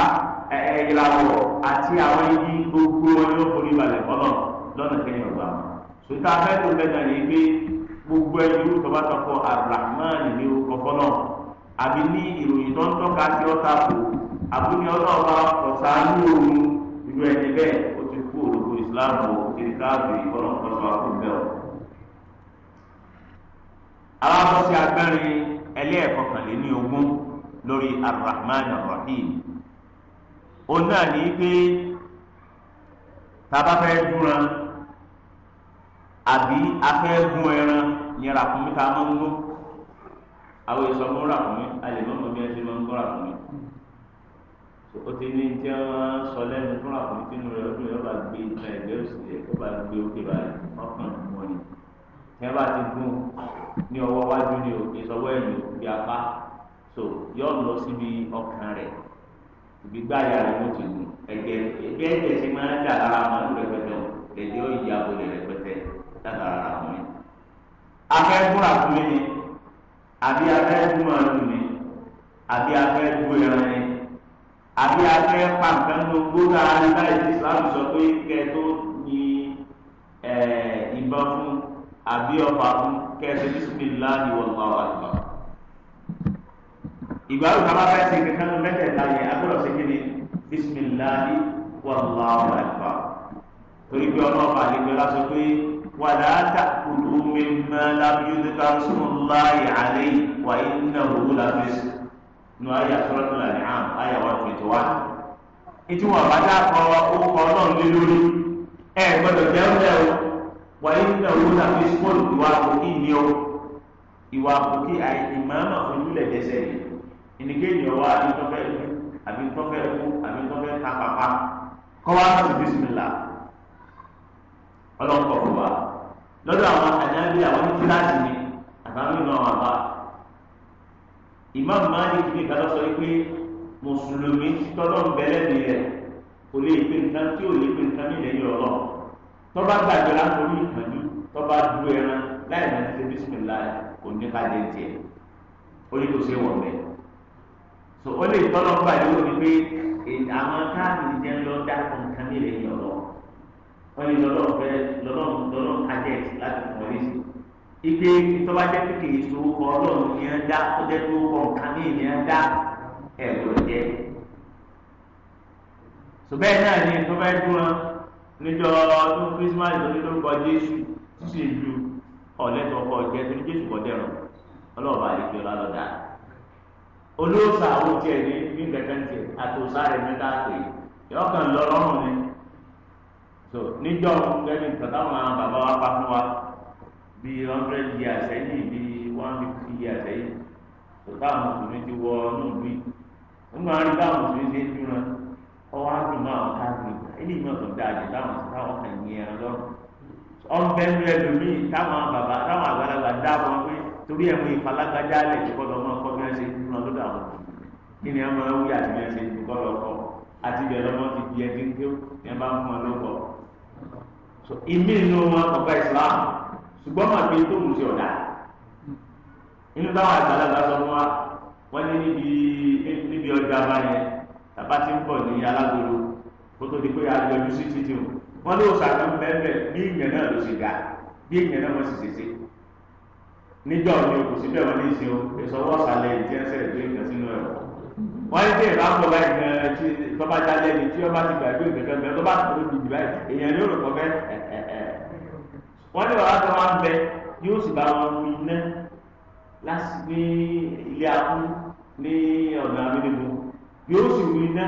ìràwọ̀ àti àwọn igi gbogbo wọn ló forí balẹ̀ ọlọ́run lọ́nà kẹ́yìn ọ̀gbà sùtà fẹ́tò lẹ́nà yìí pé gbogbo ẹni tó bá tọkọ Ar-Rahman ní orúkọ fọlọ́ àbí ní ìròyìn tó ń tọ́ka sí ọ́ta kù àbúni ọlọ́ọ̀bá ọ̀sán ní òun irú ẹni bẹ́ẹ̀ ó ti kú òdodo ìsìláàmù òkèrè káàbì ìkọlọ́nkọlọ́wà fún o. alábọ́sí agbẹ́rin ẹlẹ́ẹ̀kọkànléní ogún lórí arrahman arrahim òun náà ní pé tábà fẹ́ dúnra àbí afẹ́gùn ẹran ní ràkúnmí ká máa ń gbó àwọn ìsọmúra fún mi alẹ́ mọ́mọ́ bí ẹ ti máa ń mi. ó ti ní tí wọ́n sọ lẹ́nu fún àwọn tí inú rẹ̀ ó dùn yóò bá gbé ìtàn ẹ̀gbẹ́ òsì rẹ̀ yóò bá gbé òkè báyìí ọkàn wọn ni tí wọ́n bá ti gún ní ọwọ́ wájú ni òkè sọwọ́ ẹ̀yìn òkè apá so yóò lọ síbi ọkàn rẹ̀ ibi gbáyà rẹ̀ ló ti gùn ẹ̀jẹ̀ ẹ̀jẹ̀ ẹ̀jẹ̀ ti máa ń dà lára màálù rẹpẹtẹ ẹ̀jẹ̀ ó yí abo rẹ̀ rẹpẹtẹ látara àwọn yẹn. afẹ́gbúra fún mi ni àbí afẹ́gbúra fún mi àbí afẹ́gbúra ẹran ni àbí afẹ́ pàǹkà ń lo gbóná àríwá ìdí islam sọ pé kẹ tó ní ìbọn fún àbí ọfà fún kẹsẹ bísímìlá ni wọn bá wà lọ. ìgbà wo kaba fẹ́ ṣe kankan mẹ́tẹ̀ẹ̀ta yẹn agbọ́dọ̀ ṣe kí ni bísímìlá ni wọn bá wà lọ. torí pé ọlọ́ọ̀bà lè gbé lásán pé wàlá tàkùlù mi mọ́ lábíyúdúkà sùn láàyè àlẹ́ wà innahu lábẹ́sùn nu ayé asọ́rọ́tún àti àm ayé wa twenty one ìtumọ̀ bàtà kọ́ orúkọ náà lé lórí ẹ gbọ́dọ̀ jẹ́ ọ̀rẹ́ o wàyí nígbà wo náà fi skóòlù ìwà àkókí ni o ìwà àkókí ìmọ̀ọ́mà ojúlẹ̀ dẹ́sẹ̀ yìí ìnìkéyìn ọwọ́ àbí tọ́fẹ́ àbí tọ́fẹ́ kú àbí tọ́fẹ́ ká pápá kọ́ wa sọ̀rọ̀ bísímìlà ọlọ́kọ̀ọ́ wa lọ́dọ̀ àwọn àdáńdé àwọn kíláàsì ni àtàwọn ìlú àbá Imam Malik ní ìdájọ́ sọ pé mùsùlùmí tọ́lọ́ ń bẹ̀rẹ̀ mi rẹ̀ kò lè pe nǹkan tí ò lè pe nǹkan ní ìlẹ́yìn ọ̀rọ̀ tọ́ba gbàgbé láńkórí ìkànjú tọ́ba dúró ẹran láì máa ti ṣe bísímìlá kò ní ká dé tiẹ̀ ó ní kò ṣe wọ̀ bẹ́ẹ̀ so ó lè tọ́lọ́ ń gbàgbé ó ní pé àwọn káàdì jẹ́ ń lọ dá nǹkan ní ìlẹ́yìn ọ̀rọ̀ wọ́n ní lọ́lọ́ fẹ́ lọ́lọ́ lọ́lọ́ kájẹ́ láti ike ìtọ́ba jẹ́ pé kì í so orúkọ ọlọ́run ní ẹ dá ó jẹ́ pé orúkọ nǹkan ní ìní ẹ dá ẹ̀ gbọ́dọ̀ jẹ́. sùbẹ́ẹ̀ náà ni ìtọ́ba ẹ dúró níjọ ọdún Christmas lórí lórúkọ Jésù sì ju ọ̀lẹ́tọ̀ ọkọ̀ jẹ́ torí Jésù kọ́ dẹ̀rọ̀ ọlọ́ọ̀bà àlejò lálọ́dà. olóòsà àwọn tiẹ̀ ní ní gẹ̀gẹ́ntì àtòsá rẹ̀ mẹ́ta pè yọkàn lọ lọ́rùn ni. níjọ́ gẹ́gẹ́ bíi hundred years sẹ́yìn bíi one fifty years sẹ́yìn tòtá àwọn mùsùlùmí ti wọ yìí nígbà rí mùsùlùmí ń dúró káàkiri tó táwọn táwọn kàn yín ẹran lọ́rùn ọ̀nbẹ ń rẹ lómi táwọn bàbá táwọn àgbàlagbà dá pé torí ẹ̀ mú ìfalágbájá lẹ̀ ọmọ ọkọ bí ṣe ń dúró lọ́dọ̀ àwọn ni ṣe ń dúró ṣùgbọ́n máa gbé tó ń ṣe ọ̀dà inú báwọn àgbàlagbà sọ fún wa wọ́n ní níbi níbi ọjà báyẹn tàbá ti ń bọ̀ ní alágbèrò kó tó di pé àjọyọ̀ sí títì o wọ́n ló ṣàtún bẹ́ẹ̀ bí ìyẹn náà ló ṣe ga bí ìyẹn náà wọ́n sì ṣe ṣe níjọ́ ni o kò sí bẹ́ẹ̀ wọ́n ní ṣe o ìṣọwọ́ ṣàlẹ̀ ìdí ẹsẹ̀ ìgbé nǹkan sínú ẹ̀ wọ́n ní bẹ́ẹ̀ bá ń bọ̀ báyìí gan-an tí bọ́bá jalè ni tí ọba bá tó di wọ́n ní bàbá tó máa ń bẹ yóò sì bá wọn mi ná lásìgbé ilé akún ní ọ̀nà àmìlẹ́gbò yóò sì mi ná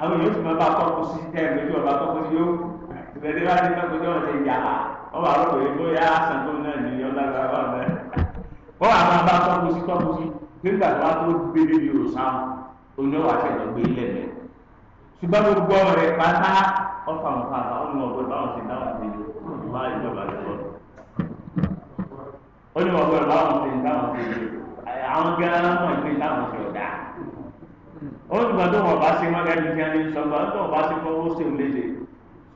àwọn yóò sì máa bá tọ́kù sí tẹ́ẹ̀ méjì ọba tọ́kù sí yóò ìrẹ̀lẹ́ bá ti tọ́kù sí ọ̀nà ṣe yà á wọ́n bá rọ̀ pé bóyá àṣàkó náà ní ọ̀làgbà wà bẹ́ẹ̀. wọ́n wà máa bá tọ́kù sí tọ́kù sí nígbà tó wá tó gbélé ní òòsàn oníwà tẹ̀lé gbé ilẹ̀ mẹ́. ṣùgbọ́n gbogbo ọ̀rẹ́ pátá ọ̀fà wàlá ìjọba àjọyọ̀. ó ní wọ́n gbọ́dọ̀ báwọn ṣe ń táwọn ṣe é àwọn gẹ́gẹ́ wọn ìpín táwọn ṣe ọ̀dà. ó ti gbọ́dọ̀ wọn bá ṣe wọn ẹni tí a ní sọ gbọ́dọ̀ wọn bá ṣe fún ó ṣe ń léṣe.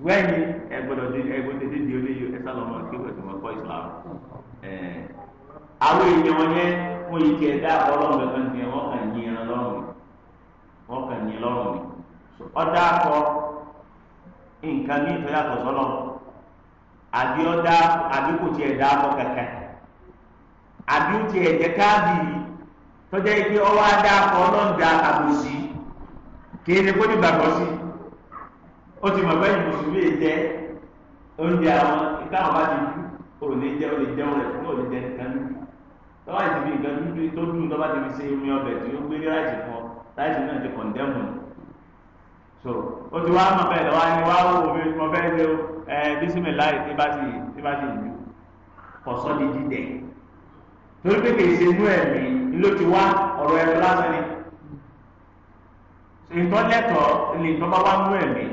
wẹ́ẹ̀ni ẹ gbọ́dọ̀ dé ẹ gbọ́dọ̀ dé di olóyè ẹ sálọ mọ kí wọ́n ti mọ kọ́ Islam. àwọn èèyàn wọn yẹn wọ́n yìí tiẹ̀ dá ọlọ́run kan tiẹ̀ wọ́n kàn yín ẹran lọ́rùn wọ́n kàn yín lọ́rùn ni. ọ̀dà akọ nǹkan ní ìtọ́yàtọ̀ sọ́lọ́run àbí àbí kò tiẹ̀ dá ọkọ̀ kankan àbí ó tiẹ̀ jẹ́ káàbì tọ́jà yìí pé ọwọ́ adá akọ ọlọ́ọ̀dà àbòsí kì í ṣe kó nígbàgbọ́ sí ó ti mọ̀ bẹ́ẹ̀ mùsùlùmí jẹ́ oúnjẹ àwọn ìkáwọn bá ti lè jẹ́ lè lè nǹkan dúdú tọ́wọ́ nǹkan dúdú tó dùn tọ́wọ́ ti fi ṣe omi ọbẹ̀ tí ó gbé ní láìsí láìsí náà ti so ó ti wá mọ̀ bẹ́ẹ̀ lọ́wọ́ wá ẹ bisimilayi tí bá ti tí bá ti lù kọsọ di dídẹ torí pé kì í ṣe inú ẹ̀mí ló ti wá ọ̀rọ̀ ẹ̀rọ lásán ni nǹkan lẹ́tọ̀ọ́ ni nǹkan bá wá nú ẹ̀mí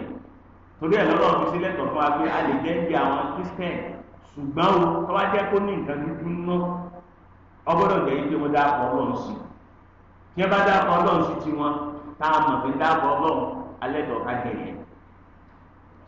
torí ẹ̀ lọ́nà fi sí lẹ́tọ̀ọ́ fún wa pé a lè jẹ́ bí àwọn Christian ṣùgbọ́n o tó bá jẹ́ kó ní nǹkan dúdú ná ọgbọ́dọ̀ jẹ́ ike wọn dáàbò ọlọ́run sí tí ẹ bá dáàbò ọlọ́run sí tiwọn tá a mọ̀ pé dáàbò ọlọ́run alẹ́ dọ̀ọ́ ká jẹ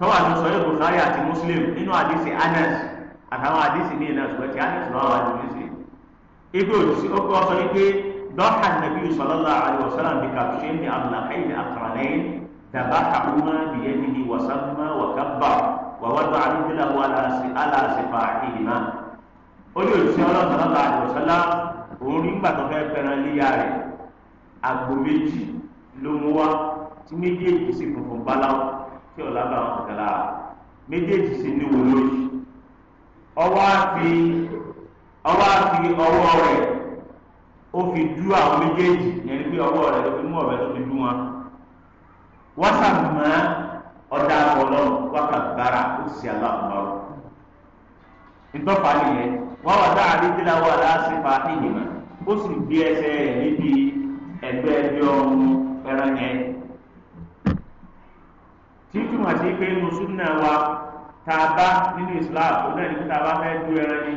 tọ́wọ́ àti sọ̀rọ̀ Bukhari àti Muslim nínú àdìsí Anas àtàwọn àdìsí ní ìlànà ṣùgbọ́n ti Anas lọ́wọ́ àti Muslim ibi òtútù ó kọ́ sọ wípé dọ́kà nàbí sallallahu alaihi wasallam bí kàbíṣẹ́ ní amúlàkàyè ní àkàràlẹ́yìn dàbà kàkúmá bìyẹn níbi wàsánmá wàkàbà wàwádọ́ àdúgbò aláṣẹfà ìhìnà ó tí ọ̀la bá wọn kàlà méjèèjì sì ní wò lórí ọwọ́ àfi ọwọ́ àfi ọwọ́ rẹ̀ ó fi dú àwọn méjèèjì yẹn ni pé ọwọ́ rẹ̀ ló fi mú ọ̀bẹ tó fi dú wọn wọ́n sàmùmọ́ ọ̀dà àbọ̀lọ́ wákà bára ó sì aláàbọ̀ ntọ́fà nìyẹn wọ́n wà dáa dídílà wà láàsìfà ìyìnbá ó sì gbé ẹsẹ̀ rẹ̀ níbi ẹgbẹ́ ẹgbẹ́ ọ̀hún ẹran yẹn tí túmọ̀ sí pé inú súnà wa tá a bá nínú Islam ó náà ní kí tá a bá fẹ́ du ẹran ni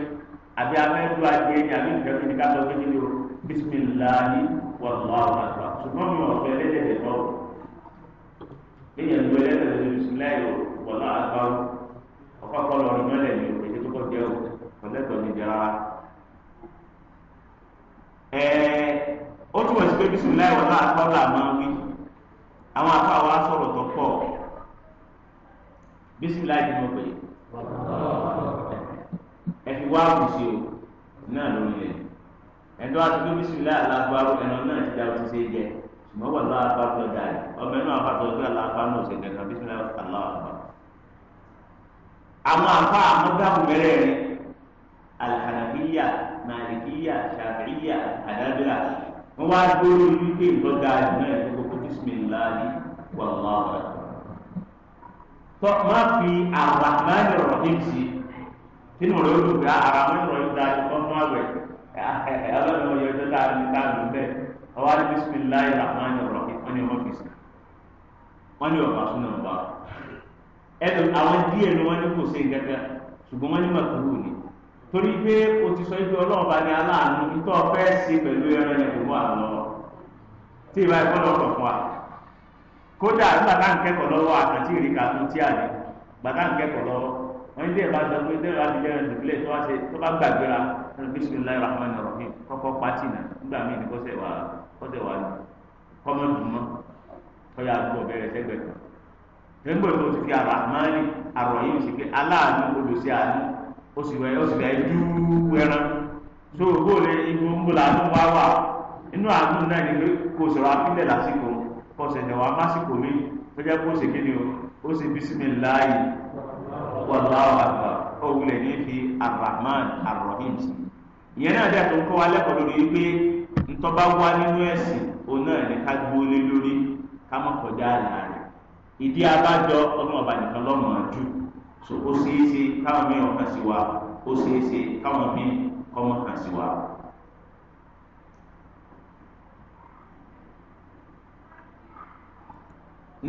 àbí a fẹ́ du adìẹ ni àbí nǹkan tó ní ká sọ pé kí ni o bisimilahi wàlúwàlú àgbà ṣùgbọ́n mi ò fẹ́ lẹ́dẹ̀ẹ́dẹ̀ tọ́ o lẹ́yìn ẹ̀dùn ẹlẹ́dẹ̀ẹ́dẹ̀ lórí bisimilahi wàlúwàlú àgbà o ọkọ̀ kọ́ lọ rí mọ́lẹ̀ ní òkè tó kọ́ jẹ́ o kọ́lẹ́tọ̀ ní jẹ́ rárá. ẹ̀ẹ́ ó túmọ̀ sí pé bisimilahi wàlúwàlú àgbà làwọn wí àwọn àfa wa sọ̀rọ̀ tó pọ̀ bísímìlá yìí mo pè é ẹ fi wá àwùjọ náà lórí rẹ ẹ̀dọ́ àtúntò bísímìlá aláàbáwò ẹ̀rọ náà ti dá oṣù ṣe jẹ ṣùgbọ́n wà lọ́wọ́ àbájọ dáa ọmọ ẹ̀rọ àbájọ gbé àwọn ni wá wà tọ́ má fi àràmánì rọ̀hìm sí sínú rẹ̀ ó dùn pé àràmánì ah, rọ̀hìm ah, dáa ju kọ́ńtún àgbẹ̀ ọlọ́run ọyọ ọjọ́ tá a ní ká lù bẹ́ẹ̀ ọwọ́ á ní bisimilayi rahman rahim wọ́n ní ọmọ bìsí wọ́n ní ọba súnà ọba ẹnu àwọn díẹ̀ ni wọ́n ní kò sí gẹ́gẹ́ ṣùgbọ́n wọ́n ní màkúrú ni torí pé o ti sọ ibi ọlọ́run bá ní aláàánú nítorí ọ̀fẹ́ sí pẹ̀lú ẹran ẹ̀dùnmọ́ àlọ́ tí ìbá ẹ̀kọ́ lọ́kọ̀ kódà nígbà tá à ń kẹ́kọ̀ọ́ lọ́wọ́ àtàtì ìrìkà tó tí a ní gbà tá à ń kẹ́kọ̀ọ́ lọ́wọ́ wọ́n ní ìbá sọ pé tẹ́lẹ̀ láti jẹ́rẹ̀ ìdìbílẹ̀ tó bá ṣe tó bá gbàgbéra kọ́kọ́ nà nígbà míì ní kọ́sẹ̀ wà kọ́sẹ̀ wà ní dùnmọ́ kọ́yà bẹ̀rẹ̀ sẹ́gbẹ̀ kan tó ti fi pé aláàánú olùsí àánú ó sì wẹ̀ ó sì wẹ̀ o ń pọ̀sẹ̀jọ̀ wa másìkò mi tó jẹ́ kó ṣe o ó sì bisimilahi wallahu akbar ó wulẹ̀ ní fi arahman arahim sí ìyẹn náà dẹ́ tó ń kọ́ wa lẹ́kọ̀ọ́ lórí wípé ntọ́ba wá nínú ẹ̀sìn òun náà ní ká gbóolé lórí ká kọjá rẹ̀ ìdí abájọ ọdún ọba nìkan lọ́mọ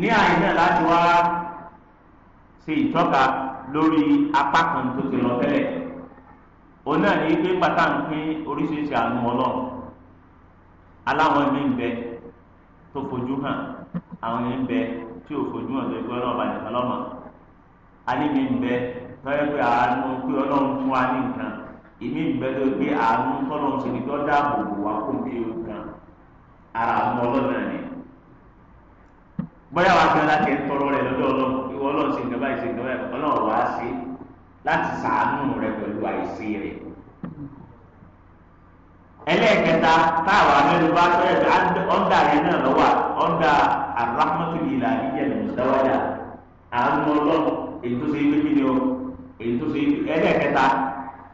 ní àyè náà láti wá ṣe ìtọ́ka lórí apá kan tó ti lọ tẹ́lẹ̀ òun náà ní pé pátá ń pín oríṣiríṣi àánú ọlọ́run aláwọn ẹ̀mí ń bẹ tó fojú hàn àwọn ẹ̀mí ń bẹ tí ò fojú hàn tó ẹgbẹ́ ọlọ́run bàjẹ́ ọlọ́mọ alímí ń bẹ tọ́yẹ pé àánú pé ọlọ́run fún wa ní nǹkan ìmí ń bẹ tó pé àánú tọ́lọ́run ṣe ní tọ́ dáàbò bò kó bí o kan ara àwọn ọlọ́run náà ni bóyá wàá gbé láti ẹ̀ ń tọrọ rẹ̀ lọ́dọ̀ ọlọ́run ìwọ ọlọ́run ṣe nǹkan báyìí ṣe nǹkan báyìí ọlọ́run wàá ṣe láti sàánú rẹ̀ pẹ̀lú àìsí rẹ̀. ẹlẹ́ẹ̀kẹta táwa mẹ́rin bá fẹ́ ọ́ndà yẹn náà lọ́wọ́ ọ́ndà arahmatul ilahiyya mùsàwájà àánú ọlọ́run èyí tó ṣe é pé èyí tó ṣe ẹlẹ́ẹ̀kẹta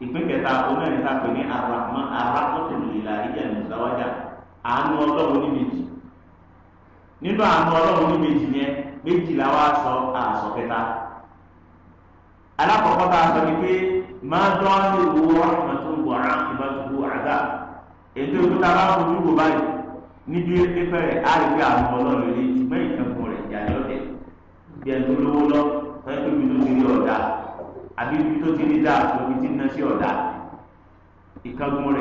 ìpín kẹta onáyẹ̀ta pè ní arahmatul ilahiyya mùsàwájà àánú ọlọ́run níbi jì nínú àwọn ọlọ́run ní méjì yẹn wa sọ kẹta alákọ̀ọ́kọ́ a sọ ni pé máa dán ní owó rahmatu wa rahmatu àdá ètò ìkúta bá fojú wò báyìí níbi pípẹ́ rẹ̀ á rí pé àwọn ọlọ́run lè ṣùgbọ́n ìkẹ́kọ̀ọ́ rẹ̀ yàrá ọ̀dẹ̀ bí ẹni tó lówó lọ fẹ́ ibi tó ti rí ọ̀dà àbí ibi tó ti rí ibi tí ń ná sí ọ̀dà rẹ̀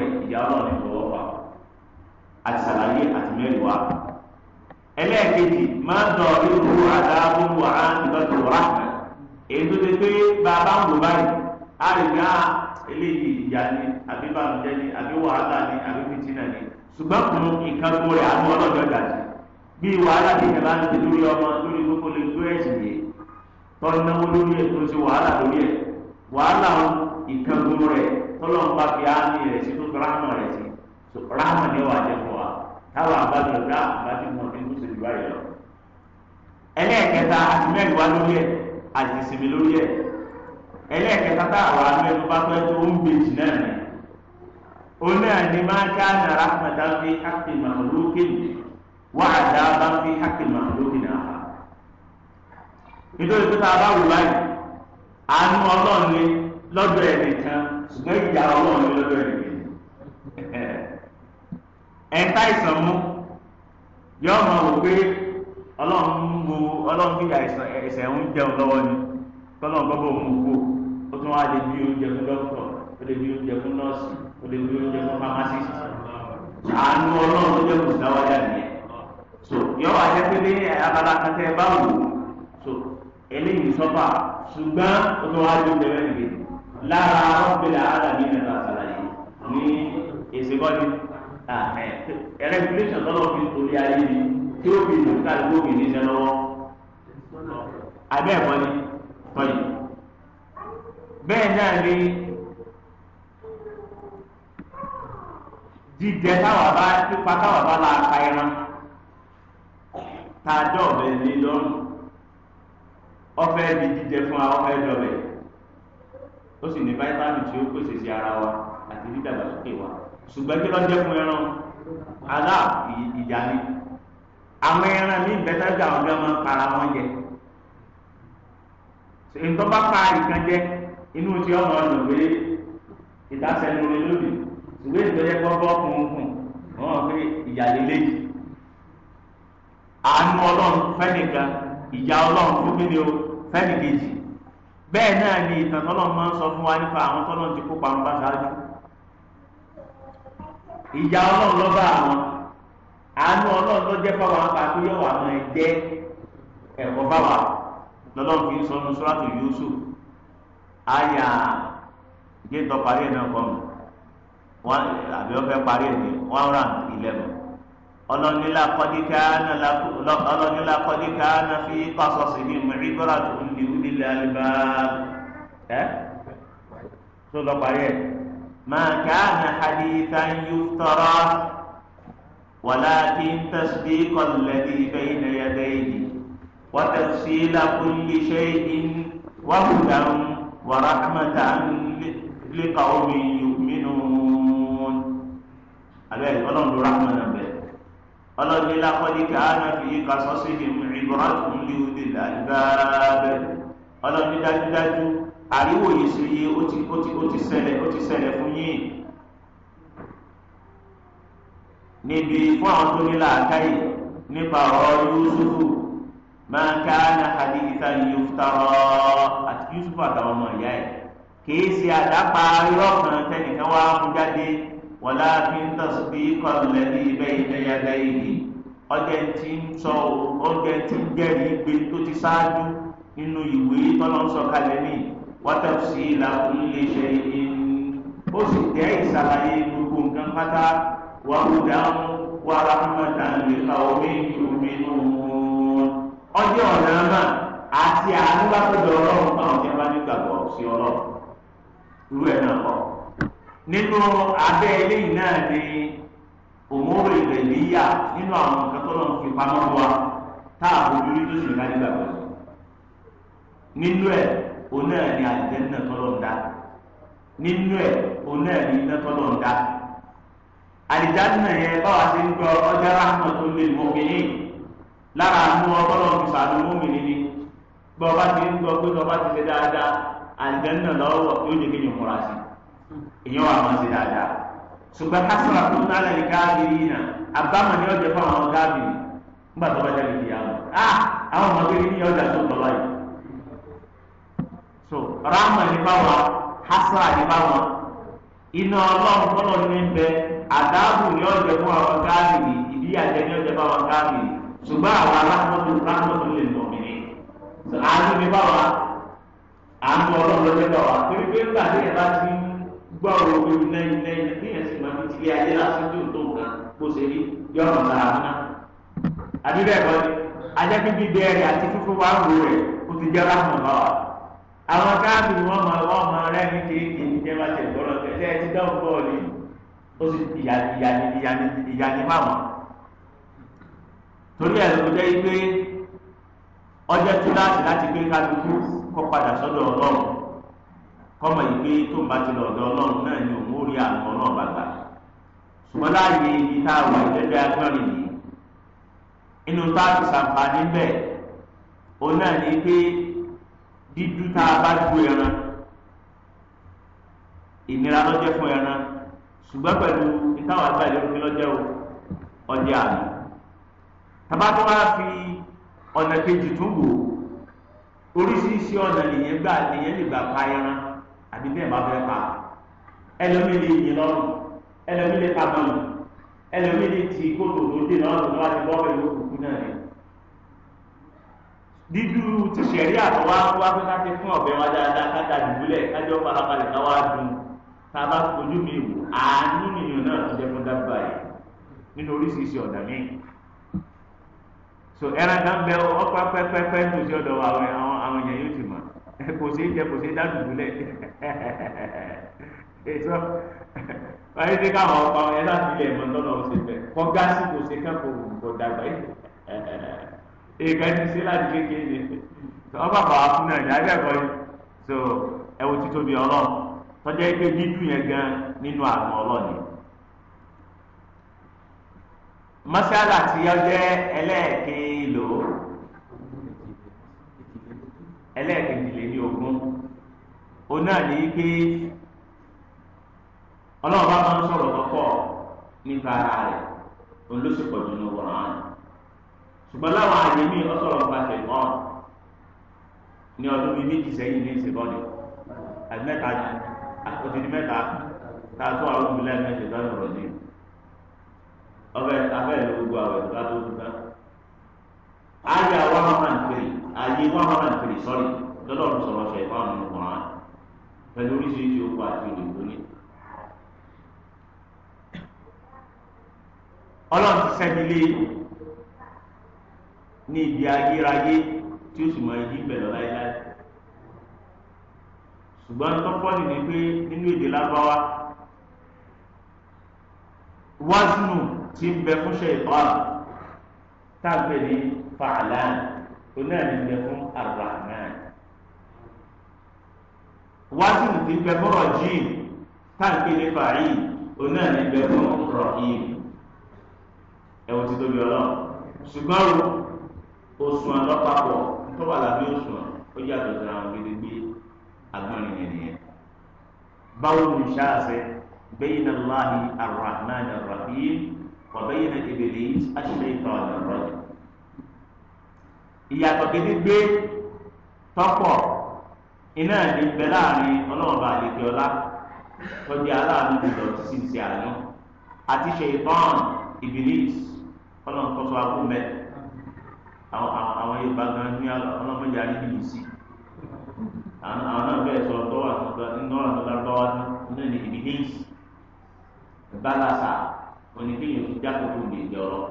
ìyá ẹlẹ́ẹ̀kejì máa ń dọ̀ irú àdáàbò wà á ń bẹ̀rù ráhùn èyí tó ti pé bàbá ń lò báyìí á lè gbá ah, eléyìí ìyá ni àbí bàmíjẹ́ ni àbí wàhálà ni àbí fìtínà ni ṣùgbọ́n kùn ìkan kó rẹ̀ àmọ́ ọlọ́jọ́ gàdì bí wàhálà ti kẹ̀lá ń ti lórí ọmọ lórí kókó lè tó ẹ̀sìn yìí tọ́náwó lórí ẹ̀ tó ń wàhálà lórí ẹ̀ wàhálà ìkan kó rẹ̀ tọ́lọ́ ń bá fi ámì rẹ̀ sí tó ráhùn rẹ̀ sí ráhùn ni wà jẹ́ fún wa táwọn àbájọ ìgbà àbájọ ìmọ̀ bí mo ṣe jù báyìí lọ. ẹlẹ́ẹ̀kẹta àti mẹ́rin wá lórí ẹ̀ àti ìsinmi lórí ẹ̀ ẹlẹ́ẹ̀kẹta táwọn amẹ́nu bá pẹ́ tó ń gbèjì náà ni. òun náà ni máa ká nàrà pàtà fi haqqi makhluqin wà á dá bá fi haqqi makhluqin náà. nítorí pé tá a bá wù báyìí àánú ọlọ́run lọ́dọ̀ ẹ̀ nìkan ṣùgbọ́n ìjà ọlọ́run lọ́dọ̀ ẹ̀ nìkan ẹ̀ńtà ìsàn mú yọ ọmọ wò pé ọlọ́run ń wo ọlọ́run bí ẹ̀sẹ̀ ń jẹun lọ́wọ́ ni tọ́lọ́run bọ́ bò mú kó ó tún wá lè bí oúnjẹ fún dókítà ó lè bí oúnjẹ fún nọ́ọ̀sì ó lè bí oúnjẹ fún pharmacist àánú ọlọ́run tó jẹ́ kò dáwọ́jà nìyẹn so yọ wá jẹ́ pé ní abala kẹtẹ bá wò so eléyìí sọ́fà ṣùgbọ́n ó tún wá lè bẹ̀rẹ̀ nìyẹn lára ọ̀pẹ̀lẹ̀ àdàbí mẹ́ta sàlàyé ní èsì regulation tọ́lọ̀ fi torí ayé ni tí ó fi lò ká ló fi níṣẹ́ lọ́wọ́ abẹ́ ẹ̀kọ́ ni tọ́jú bẹ́ẹ̀ náà ni jíjẹ táwa bá pípa táwa bá la ka ẹran tá a dọ̀ bẹ̀ ní lọ́rùn ọ̀fẹ́ di jíjẹ fún wa ọ̀fẹ́ dọ̀ bẹ̀ ó sì ní vitamin tí ó pèsè sí ara wa àti dídàgbàsókè wa ṣùgbọ́n kí ló ń jẹ́ fún ẹran alá ìjà ni àwọn ẹran ní ìbẹ́tẹ́jà ọ̀gá máa ń para wọn jẹ ètò bá pa ìkan jẹ inú tí ọmọ ọdún pé ìdásẹ́nu rẹ lónìí ṣùgbọ́n ètò yẹ kọ́ bọ́ kún un kún wọn pé ìyá lélẹ́yìí àánú ọlọ́run fẹ́nìkan ìjà ọlọ́run fún mi ni o fẹ́nìkejì bẹ́ẹ̀ náà ni ìtàn tọ́lọ́ máa ń sọ fún wa nípa àwọn tọ́lọ́ ti kópa ń bá ìjà ọlọ́run ló bá àwọn àánú ọlọ́run ló jẹ́ fáwọn apàtó yọ̀ wà máa jẹ́ ẹ̀kọ́ báwa lọ́lọ́run fi ń sọ nínú sọ́ràtò Yusuf àyà ìgbéǹtọ́ parí ẹ̀ náà kọ́ mi wọ́n àbí wọ́n fẹ́ parí ẹ̀ ní one round eleven ọlọ́nìlá kọ́dí káánà fi pásọ̀sì ní mẹ́rìndínláàtún ní onílẹ̀ àlùbá ẹ́ tó lọ parí ẹ̀. ما كان حديثا يفترى ولكن تصديق الذي بين يديه وتفصيل كل شيء وهدى ورحمة لقوم يؤمنون أليه ولم رحمة به ولم لقد كان في قصصهم عبرة لأولي الألباب ولم دجدجوا ariwo yìí sí yìí ó ti ó ti ó ti ó ti fún yín níbi fún àwọn tó ní làákàyè nípa ọrọ Yusufu máa ká ní àkàdéyìíta àti Yusufu àtàwọn ọmọ ìyá ẹ̀ kìí ṣe àdápa irọ́ kan tẹnìkan wá mú jáde wọn láàfin tọ̀síbí kọlẹ̀ ní ibẹ̀ ibẹ̀ yìí ọjọ́ ti ń sọ ọjọ́ ti ń jẹ́rìí gbé tó ti ṣáájú nínú ìwé وتفصيل كل شيء أسكي سلايم كنك متى وهدى ورحمة لقوم يؤمنون ọjọ́ ọ̀nà àti àánú látọ̀dọ̀ táwọn tí a bá nígbàgbọ́ sí ọlọ́run irú ẹ̀ náà kọ́ nínú abẹ́ eléyìí náà ni òmùrè rẹ̀ níyà nínú àwọn nǹkan tó lọ́n fi pamọ́ wa tá tó sì ń ká nínú oná ẹ̀ ní àjẹ́ náà tọ́lọ̀ ń dá nínú ẹ̀ oná ẹ̀ ní iná tọ́lọ̀ ń dá àlìjánnà yẹn báwa ṣe ń gbọ́ ọjà rahmatul lil mu'minin lára àánú ti sàánú ni bí ọba ti ń gbọ́ pé ọba ti ṣe dáadáa yóò sí wà máa ṣe dáadáa ṣùgbọ́n tó ń lálẹ́ yìí àbámọ̀ ni ọjà fún àwọn nígbà tó bá jáde ìyá wọn. àwọn ọmọ kékeré so rahma ní báwa hasa ní báwa iná ọlọ́run tọ́lọ̀ ní bẹ àdáàbò ní ọ̀jẹ̀ fún àwọn káàbìrì ìdí àjẹ ní ọ̀jẹ̀ fáwọn káàbìrì ṣùgbọ́n àwọn alákọ̀ọ́tò rákọ̀ọ́tò lè mọ̀ mí ni àánú ní báwa àánú ọlọ́run lọ́jọ́ báwa torí pé nígbà tí ẹ̀ bá ti ń gbọ́ ọ̀rọ̀ omi iná iná iná bí ẹ̀ sì máa fi tilé ayé lásán tó tó nǹkan kó ṣe rí yọ̀rọ̀ lára náà àbí bẹ́ẹ̀ kọ́ ni ajá gbígbé bẹ́ẹ̀ rẹ̀ àti fífún wa ń ro rẹ̀ ó ti jẹ́ rákọ̀ọ́ báwa. àwọn káàbì wọn máa wọn máa rẹ ní kéèké jẹ bá tẹ gbọdọ tẹsẹ ẹ ti dáhùn bọọlù ó sì ìyá ìyá ìyá ìyá ní báwọn torí ẹ ló jẹ́ pé ọjọ́ tó láti láti pé kálukú kó padà sọ́dọ̀ Ọlọ́run kọmọ yìí pé tó ń bá ti lọ ọ̀dọ̀ Ọlọ́run náà ni òun ó rí àlùkò náà láàyè ibi tá a ni pé. dídú tá a bá du ẹran ìnira lọ́jẹ́ fún ẹran ṣùgbọ́n pẹ̀lú ìtawà àgbà ìlérúkí lọ́jẹ́ o àná tabatọ́ bá fi ọ̀nà kejì tún wò oríṣiríṣi ọ̀nà nìyẹn gbà nìyẹn lè gbà pa yana àbí bẹ́ẹ̀ bá fẹ́ pa lè lọ́rùn lè ta bọ́ọ̀lù lè ti lọ́rùn náà rẹ̀. dídú ti sẹ̀rí àtọwá wá fún káfí fún ọ̀bẹ wa dáadáa kájà dùbúlẹ̀ kájọ́ farabalẹ̀ káwá dùn tá a bá fojú mi wò àánú nìyàn náà ti jẹ́ fún dábàá yìí nínú oríṣiríṣi ọ̀dà míì so ẹran kan bẹ ọpẹ pẹpẹpẹ tó sí ọ̀dọ̀ àwọn àwọn àwọn èèyàn yóò ti mọ kò sí jẹ kò sí dá dùbúlẹ̀ èso wáyé tí káwọn ọkọ ẹ láti ilé ẹ̀mọ́ lọ́nà ọ̀sẹ̀ bẹ̀ kọ́ gáàsì kò sí kẹ́kọ̀ọ́ kò dàgbà yìí. èèkàn ti na láti kékeré ọba bàbá fún náà ní abẹ́ẹ̀kọ́ yìí so ẹ wo títóbi ọlọ́run tọ́jà ike dídùn yẹn gan nínú àrùn ọlọ́ọ̀ni. mọ́ṣálà tí yọ jẹ́ ẹlẹ́ẹ̀kẹ́lò náà ní pé ọlọ́run bá ṣùgbọ́n láwọn àyè mi ọ̀sọ̀rọ̀ nípa ṣèbọn ní ọdún bíi méjì sẹ́yìn ní ìṣèbọn àti mẹ́ta òtítí mẹ́ta tá a àwọn ń rọ̀ ọbẹ̀ abẹ́ ìlú gbogbo àwẹ̀ tó bá tó dúdá. ayé àwọn ọmọ ń pèrè ayé wọn ọmọ ń pèrè sọ́ọ̀rì lọ́dọ̀ọ̀dún sọ̀rọ̀ ṣèbọn pẹ̀lú oríṣiríṣi àti ní. ọlọ́run ti sẹ́ni lé ní ibi ayérayé tí ó sì mọ ibi bẹ̀rẹ̀ láéláé ṣùgbọ́n tó pọ̀ nínú pé nínú èdè lábáwá wázínù ti ń bẹ fún ṣèpán tágbé ní fàlàn oní àná ń bẹ fún arahman wázínù ti ń bẹ fún rọjìn tágbé ní fàáyì oní ń bẹ fún rọhìn ẹ̀wọ̀n ti tóbi ọlọ́run ṣùgbọ́n òṣùwọ̀n lọ́pàpọ̀ tó wà lábẹ́ òṣùwọ̀n ó yàtọ̀ sí àwọn gbẹdẹgbẹ agbọ́nrin yẹn nìyẹn. báwo ni ṣáàṣẹ bayna Allahi ar-Rahman ar-Rahim wa bayna Iblis ash-Shaytan ar-Rajim. ìyàtọ̀ gbẹdẹgbẹ tọ́pọ̀ iná ẹ̀dín bẹ láàrin ọlọ́ọ̀bà àlejò ọlá tọ́jú aláàánú jùlọ tí sì àánú àti Shaytan Iblis ọlọ́ọ̀tọ́sọ agbó àwọn àwọn Yorùbá gan ní ọlọ́mọdé aríbìyì sí àwọn náà bẹ́ẹ̀ sọ tọ́wọ́ àtúntò nínú àtúntò lọ́wọ́ nínú ní ibi hins balasa oníkéèyàn ti já kókó ní ìdí ọ̀rọ̀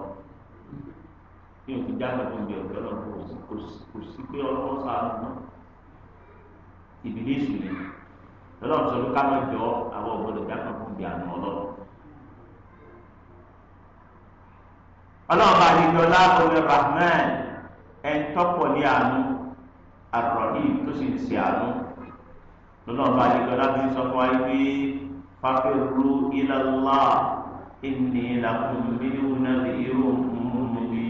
kéèyàn ti já kókó ní ìdí ọ̀rọ̀ kò sí pé ọlọ́wọ́ sáà mọ́ ibi hins ni lọ́wọ́ sọ pé ká má jọ àwọn ọ̀gbọ́dọ̀ já kókó ní àná ọlọ́wọ́. ọlọ́wọ́ bá a ní jọ láàbọ̀ ní rahman ẹ̀ńtọ́pọ̀ ní àánú àròrí tó sì ń ṣe àánú lọ́nà bá yẹ kí ọlábí sọ fún wa pé fàfẹ́rù ilàlá ìní làkùn mílíọ̀nù náà irú mímú bí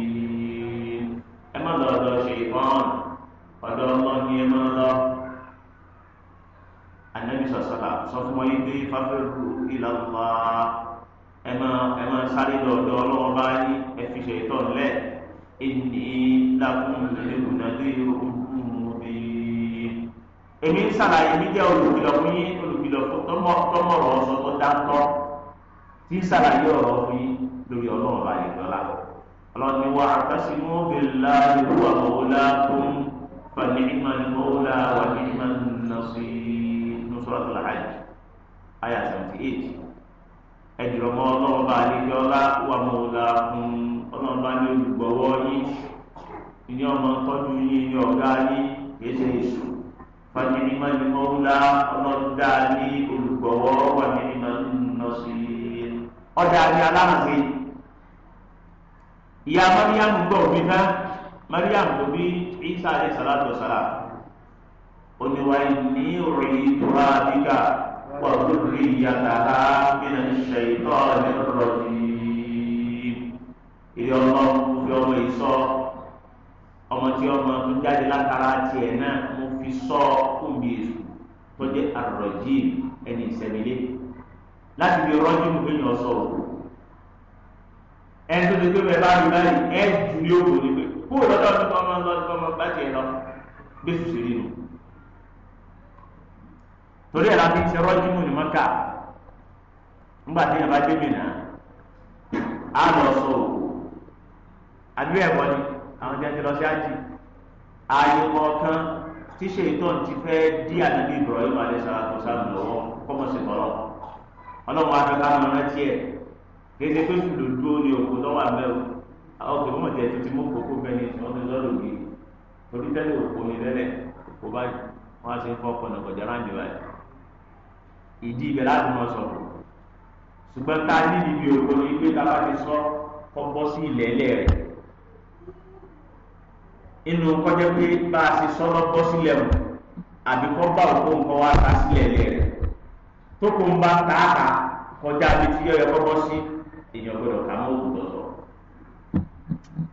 ẹ má lọ ọ̀dọ̀ ṣe ìbọn ọ̀dọ̀ ọlọ́ni ẹ má lọ. Ànábì sọ̀sọ̀là sọ fún wa pé fàfẹ́rù ilàlá ẹ má ẹ má sáré lọ́dọ̀ ọlọ́wọ́ báyìí ẹ fi ṣe ìtọ́ lẹ́ẹ̀ inni lakum lẹ́nu nàdírù mùbí. èmi ń ṣàlàyé mi jẹ́ olùkìlọ̀ fún yín olùkìlọ̀ fún tọ́mọ̀rọ̀ ọ̀sọ̀ tó dáńtọ́ tí ń ṣàlàyé ọ̀rọ̀ fún yín lórí ọlọ́run bá yẹn lọ́la. ọlọ́ni wa àtàṣimú bẹ̀lá ìlú àmọ́wọ́lá fún fani ìmọ̀ni mọ́wọ́lá wà ní ìmọ̀ni nọ́ọ̀sì nùsọ̀rọ̀tò làhàjì àyà seventy eight ẹ̀dùrọ̀mọ́ ọlọ́run bá yẹn lọ́la wà mọ́wọ́lá fún ọlọ́run bá ní olùgbọ́wọ́ yín ìní ọmọ tọ́jú yín ní ọ̀gá yín kìí ṣe èṣù fàjìnnì máa ní mọ́wúlá ọlọ́dá ní olùgbọ́wọ́ wà nínú iná sí i ọ̀dà ní aláàgbé ìyá mariam gbọ́ mi ná mariam kò bí isa alayhi salatu wa oníwà ní orí ìtura àbíkà wà lórí ìyàtà ha bí na ìtọ́ ọ̀rẹ́ rọ̀ ìrì ọlọ́run mo fi ọmọ yìí sọ ọmọ tí ọmọ tó jáde látara tiẹ̀ náà sọ kóńbi èso tó jẹ́ àròjì ẹni ìsẹ̀mílẹ̀ láti fi rọ́jú mo fi yàn sọ òkú ẹni tó ti gbé bẹ́ẹ̀ bá mi báyìí jù ní òkú ni pé kó o lọ́dọ̀ tó kọ́ ọmọ lọ gbé sùsù torí ẹ̀ la fi ṣe rọ́jú ní ńgbà tí àbí ẹ̀kọ́ ni àwọn tí wọ́n ti lọ sí ájì ààyè kọ̀ọ̀kan tí ṣèyítọ́n ti fẹ́ dí àdúgbò Ibrahim alẹ́sàrà tó sáà lọ́wọ́ kọ́mọ̀sí kọ́lọ́ ọlọ́run adọ́ká lọ rántí ẹ̀ kéde pé sùn lòdúró ni òkú lọ́wọ́ abẹ́ o àwọn òkè mọ̀mọ́ tẹ̀ tó ti mú kókó bẹ́ẹ̀ ni ìṣòro ti lọ́rùn mi torí tẹ́lẹ̀ òkú ni lẹ́lẹ̀ òkú báyìí wọ́n á ti fọ́ ọkọ̀ nàkọ̀jà ráńdì báyìí ìdí ibẹ̀ láti mọ̀ sọ̀rọ̀ ṣùgbọ́n ta inu kọjá pé bá a ṣe sọ́nà bọ́ sílẹ̀ o àbí ta sílẹ̀ lẹ̀ rẹ̀ tó kó ń bá tààtà kọjá bí tí yọ yẹ kọ́ bọ́ sí èèyàn gbọdọ̀ o mọ́ òkú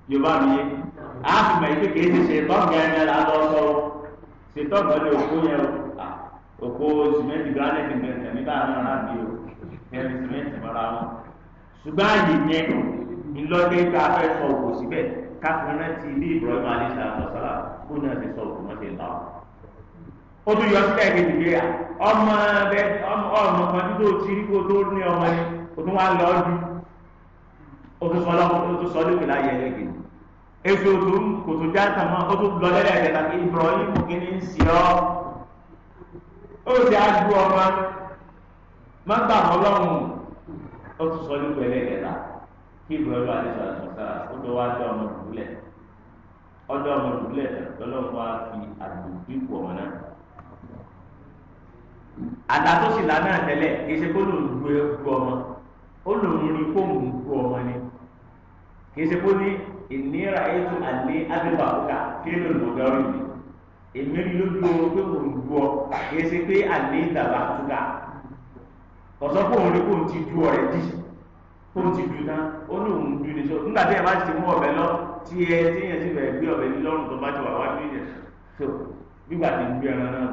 yorùbá mi yé a sì mọ̀ yìí kékeré ti ṣe la o ṣe tọ́ǹgà ní òkú yẹn o òkú sìmẹ́ntì gánẹ́tì káfíń rántí bí Ibrahim alisa àtọ̀sára kó náà ti sọ òkú wọn ti lọ. ó tún yọ sílẹ̀ kejì pé ọmọ bẹ ọmọ kan tí tó ti rí kó tó ní ọmọ yẹn kó tó wá lọ bí ó tún sọ lọ́kùn ó tún sọ lókè láyé ẹlẹ́gẹ̀. èso tó ń kò tó já sàmọ́ ó tún lọ lẹ́lẹ́ ẹ̀dẹ̀ láti Ibrahim kìíní ń sì ọ́ ó ti àgbo ọmọ má gbà ó tún sọ lókè lẹ́lẹ́ láti kí ìbúrọ́lù àdéhùn àtúnṣára ó lọ wá dá ọmọ dùbúlẹ̀ ọdọ ọmọ dùbúlẹ̀ lọ́lọ́run wá fi àgbò dípò ọmọ náà. àtàtúnṣì lánàá tẹ́lẹ̀ kì í ṣe kó lòun du ẹgbẹ́ ọmọ ó lòun rí fóònù du ọmọ ni kì í ṣe kó ní ìnira ètò àlé àdébà òkà kí ló lòun gbọ́ rí mi èmi rí lójú ọ pé mò ń du ọ kì í pé àlé ìdàgbà òkà kọ̀sọ́ fóònù rí fóònù ti du ọ dì í tó ti dùn tán ó ní òun dùn ní sọ nígbà tí yẹn bá ti mú ọbẹ̀ lọ tí ẹ tí yẹn ti bẹ̀rẹ̀ gbé ọbẹ̀ ní lọ́rùn tó bá ti wà wá ní yẹn so gbígbà tí ń gbé ẹran náà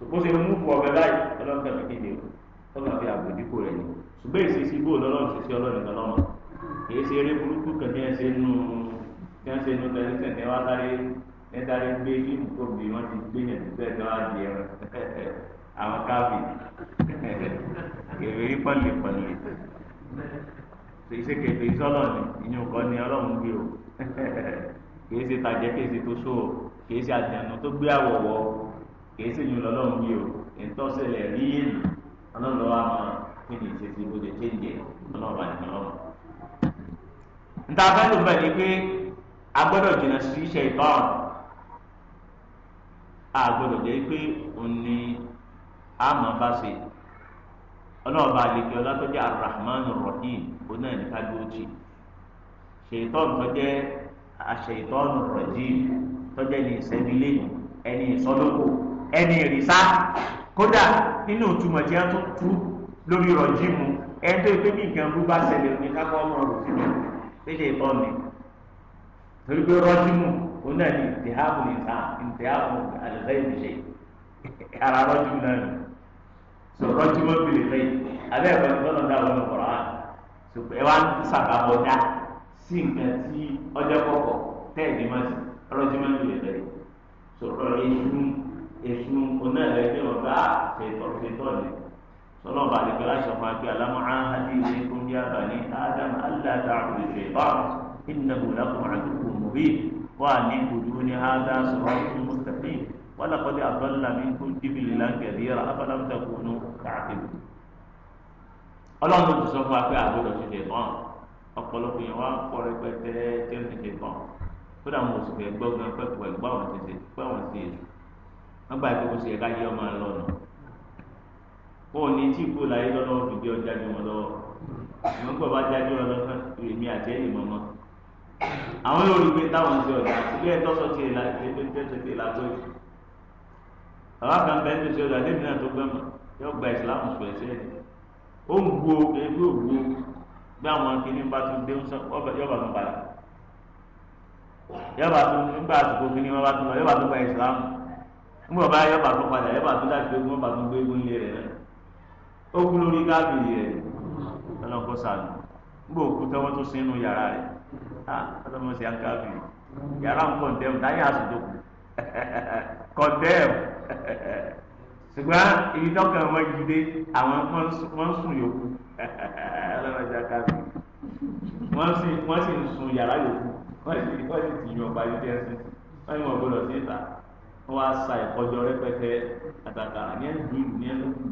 so bó ṣe mú fún ọbẹ̀ báyìí ọlọ́run tẹ̀lé kéde o ọlọ́run fi àgbò dípò rẹ̀ ni ṣùgbọ́n ìṣesí bó lọ́lọ́run ṣe sí ọlọ́run nìkan lọ́mọ kìí ṣe eré burúkú kan tí wọ́n ṣe nù tí wọ́n ṣe nù tẹ̀lifíṣàn tí wọ́n sáré ní sáré gbé fíìmù tó ṣèṣe kẹfẹ sọlọ ni ìyẹn ni Ọlọ́run gbé o kìí ṣe tàjẹ́ kìí ṣe tó so kìí ṣe àjànà tó gbé àwọ̀wọ̀ kìí ṣe ìyẹn lọ́lọ́run gbé o ìtọ́sẹ̀lẹ̀ rí èlò Ọlọ́run lọ́wọ́ àmọ́ kí ni a jẹ́ pé òun a bá ṣe ọlọ́run bá lè fi ọlátọ́jẹ́ arahman rahim ó náà ní kájọ́ọ̀tì ṣètọ́nù tọ́jẹ́ aṣètọ́nù rajim tọ́jẹ́ ní ìsẹ́bílẹ̀ ẹni ìsọdọ́kọ̀ ẹni ìrìsá kódà nínú ìtumọ̀ tí a tún tú lórí rọ̀jíìmù ẹni tó pé bí nǹkan bú bá ṣẹlẹ̀ ní kápá ọmọ rò sínú pété ìtọ́ni torí pé rọ̀jíìmù ó náà ní ìtìhábù nìta ìtìhábù àlùfẹ́ ara rọ̀jíìmù náà nìyí sọ̀rọ̀ tí wọ́n bèrè fẹ́ yìí abẹ́ ẹ̀rọ ìgbọ́nà dá wọn lọ́kọ̀ọ́ hàn ṣùgbọ́n ẹ wá ń sàbàbọ̀ dá sí nǹkan tí ọjọ́ kọ̀kọ̀ tẹ́ẹ̀dì máa sì ọ̀rọ̀ tí wọ́n bèrè fẹ́ yìí sọ̀rọ̀ esun esun onáìlẹ́gbẹ̀ẹ́ ọ̀gá fẹ̀tọ̀ fẹ̀tọ̀ ni sọlọ́ balẹ̀kẹ́ láṣọ máa gbé alámọ̀ áhàdì ìṣẹ́kùn bí abàní ádámù aládàáhùn ìṣẹ̀bá ìnáwó lákùn àdúgbò mọ̀bí wà ní kùdú ní ádá sọ̀rọ̀ fún mustapha wàlàkọ́dé abdullah mi kún jíbìlì láǹkẹ̀dì yẹra abalamu takùnú káàkiri ọlọ́run tó ti sọ fún wa pé àgbọ̀dọ̀ ti dẹ̀ tán ọ̀pọ̀lọpọ̀ yẹn wá pọ̀ rẹpẹtẹ tí ó ti dẹ̀ tán kódà àwọn oṣù fẹ́ gbọ́ gan pẹ́ pọ̀ ẹ̀gbọ́ àwọn ti ṣe pé àwọn ti èlò wọ́n gbà pé kó ṣe ẹ̀ka yé ọmọ lọ́nà kó o ní tí ìkó láyé lọ́nà ó fi gbé ọjà ju wọn lọ́wọ́ ìwọ́n gbọ́ bá jáde wọn lọ́nà èmi àti ẹ̀yìn mọ́mọ́ àwọn yóò rí pé táwọn ti ọ̀dà ilé ẹ̀tọ́ sọ ti ìlà ìlẹ́gbẹ̀ẹ́ tẹ́tẹ́ ìlà tó yìí bàbá kan bẹ́ẹ̀ tó ṣe ọ̀dà débi náà tó gbẹ́mọ̀ yóò gba ìsìlámù sọ ẹsẹ rẹ ó ń wo ebi ò wo bí àwọn bá tún dé yọba tún yọba tún nígbà àsìkò wọn bá tún lọ yọba tún gba ìsìlámù nígbà bá yọba tún padà yọba tún dàgbé egun yọba tún gbé egun lé rẹ náà ó kú lórí rẹ nígbà òkú sínú yàrá rẹ yàrá ń táyà àsìkò ṣùgbọ́n èyí tọ́kàn wọn yìí dé àwọn wọ́n ń sùn yòókù ọlọ́mọdé akábí wọ́n sì ń sun yàrá yòókù wọ́n sì ti yan ọba yìí dé ẹsẹ̀ wọ́n yìí wọ́n gbọ́dọ̀ sí ìta wọ́n wá sa ìkọjọ rẹpẹtẹ àtàtà ní ẹnu ìlú ní ẹnu ìlú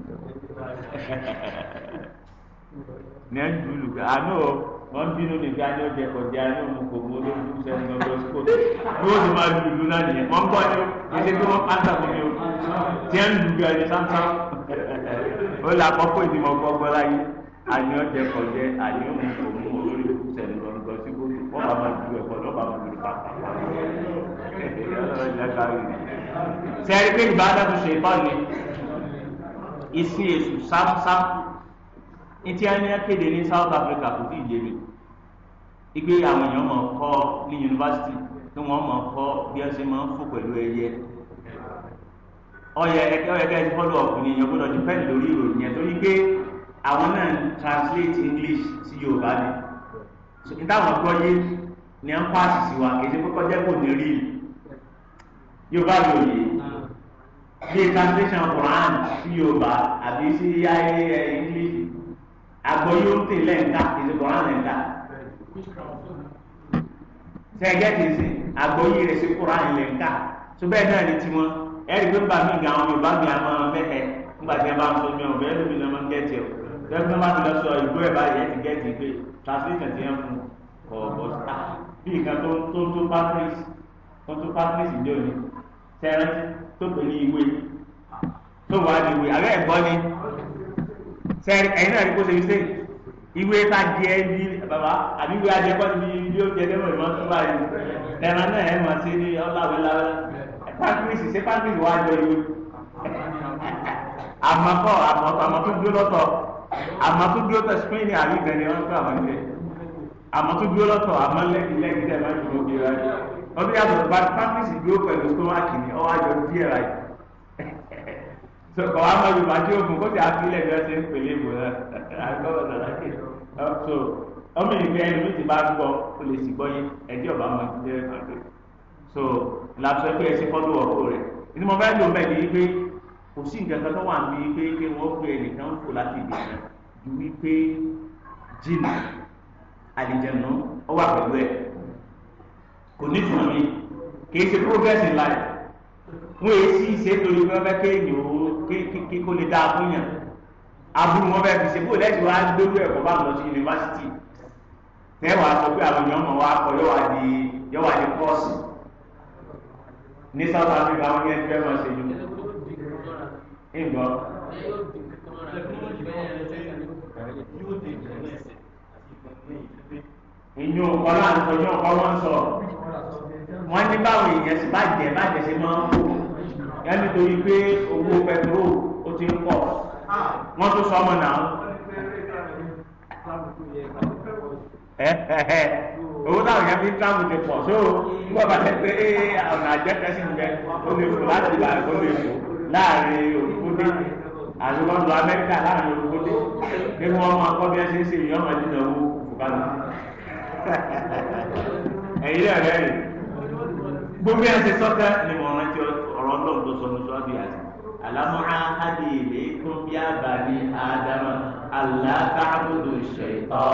ní ẹnu ìlú àná o wọ́n ń bínú nígbà ní oúnjẹ kọjá ní òun kò mú olóògùn sẹ́ni lọ́dọ̀ sípò ní wọ́n ti máa lùlù lánàá yẹn wọ́n ń bọ̀ ní o ẹsẹ̀ tí wọ́n pàṣẹ fún mi o tiẹ̀ ń lùlù ẹni sáńsán ó lè àkọ́kọ́ ìdìmọ̀ gbọ́gbọ́ láyé àní oúnjẹ kọjá àní òun kò mú olóògùn sẹ́ni lọ́dọ̀ sípò ní wọ́n bá máa ju ẹ̀kọ́ lọ́ba máa lùlù ntí ànyà kéde ní South Africa kò tíì yé mi igbe àwọn èèyàn kọ́ ní yunifásitì tí wọ́n mọ̀ kọ́ bí wọ́n máa ń fò pẹ̀lú ẹyẹ ọyẹ ẹkẹ ọyẹ kẹ́hìn ọkùnrin yẹn gbọ́dọ̀ translate English sí Yorùbá ni gbọ́ yé ni ń pa àṣìṣe wa kì kókó jẹ́ kò ní rí Yorùbá bí translation Quran sí Yorùbá àbí o àgbo yóò tè lẹ́ǹda ìdìbò á lẹ́ǹda sẹ́gẹ́ ti sè àgbo yìí rẹ̀ sí kúrò á lẹ́ǹda tó bẹ́ẹ̀ náà ni tiwọn ẹ̀rí pé bàmí ga àwọn yorùbá mi àmọ́ mẹ́hẹ̀ nígbà tí ẹ bá ń sọ mi ọ̀bẹ ẹlòmí ni wọ́n gẹ̀ẹ́tì ọ̀ lẹ́gbẹ́ bá ti lọ sọ ìgbó ẹ̀ báyìí ẹ̀ ti gẹ̀ẹ́tì pé translation ti ẹ̀ fún ọ̀bọ̀ bí nǹkan tó tó tó patrice tó tó patrice ìjọ ni sẹ́rẹ́ tó pè ní ìwé tó wà ní ìwé àbẹ́ ẹ̀gbọ́n ni sẹ́ẹ̀rì ẹ̀yin náà rí kó ṣe fi sẹ́yìn ìwé ta diẹ ní bàbá àbí ìwé adìẹ kọ́ ni ilé oúnjẹ tẹ́wọ̀n ìmọ̀ tó bá yìí ẹ̀rọ náà ẹ̀ mọ̀ sí ní ọláwẹ́láwẹ́ pákírísì ṣé pákírísì wá jọ ìwé àmọ́kọ́ àmọ́tún dúró lọ́tọ̀ àmọ́tún dúró lọ́tọ̀ spain àbí ìgbẹ́ni wọn tó àwọn ilé àmọ́tún dúró lọ́tọ̀ àmọ́ lẹ́yìn lẹ́yìn tẹ́ẹ̀ máa ń dúró bí ra ọdún yàtọ̀ pákírísì dúró pẹ̀lú tó wá kìíní ọ sọkọ wa ma yorùbá tí o fún kó tí a fi ilẹ̀ bí wọ́n ṣe ń pèlè ìbò náà àgbọ̀wọ̀ nàrà kì so ọmọ ìgbẹ́ ẹni mi ti bá gbọ́ o lè sì gbọ́ yín ẹ̀jẹ̀ ọba ma ti jẹ́ àgbẹ̀ so làbùsọ̀ pé ẹsẹ̀ fọ́lù ọ̀pọ̀ rẹ̀ ní mo fẹ́ lò bẹ́ẹ̀ ni pé kò sí nǹkan kan tó wà ní pé pé wọ́n pe ẹnìkan fò láti ibì kan ju wípé jìnnà àlìjẹ̀nù ọwọ́ àpẹ̀lú ẹ̀ kò ní fún mi kì í ṣe progress in wọn èsì ìṣe torí wọn fẹ́ kéèyàn o kí kó lè dáa fún yàn aburú wọn fẹ́ fi ṣe bó lẹ́sìn wá gbérú ẹ̀kọ́ bá lọ sí yunifásitì tẹ́wàá sọ pé àwọn èèyàn mọ̀ wá kọ yọ wá di yọ wá di kọ́ọ̀sì ní South Africa wọn ní ẹgbẹ́ máa ṣe yun. ìgbọ́. ìyún ọ̀pọ̀lọpọ̀ ìyún ọ̀pọ̀lọpọ̀ ń sọ wọ́n ní báwọn èèyàn sì bàjẹ́ bàjẹ́ sí máa ń kó yẹn nítorí pé owó pẹtrol ó ti ń pọ̀ wọ́n tún sọmọ náà. owó táwọn yẹn fi ń táwọn ti pọ̀ so nígbà bá tẹ pé eh, ọ̀nà àjẹkẹ́sì ń bẹ ó lè fò láti là ó lè fò láàrin olùkúndé àti lọ́dọ̀ amẹ́ríkà láàrin olùkúndé kí wọ́n máa kọ́ bí ẹ ṣe ń ṣe ìyọ́mọ̀ nínú owó kùkùkánú ẹ̀yin náà rẹ̀ gbogbo ẹ̀ ṣe sọ́tẹ́ ni mo rántí ọ ọlọ́run tó sọ ní sọ́ọ́bì àti àlámọ́ra ádì ilé kún bí abàní ádámà aláàbàbòdò ṣẹ̀tọ́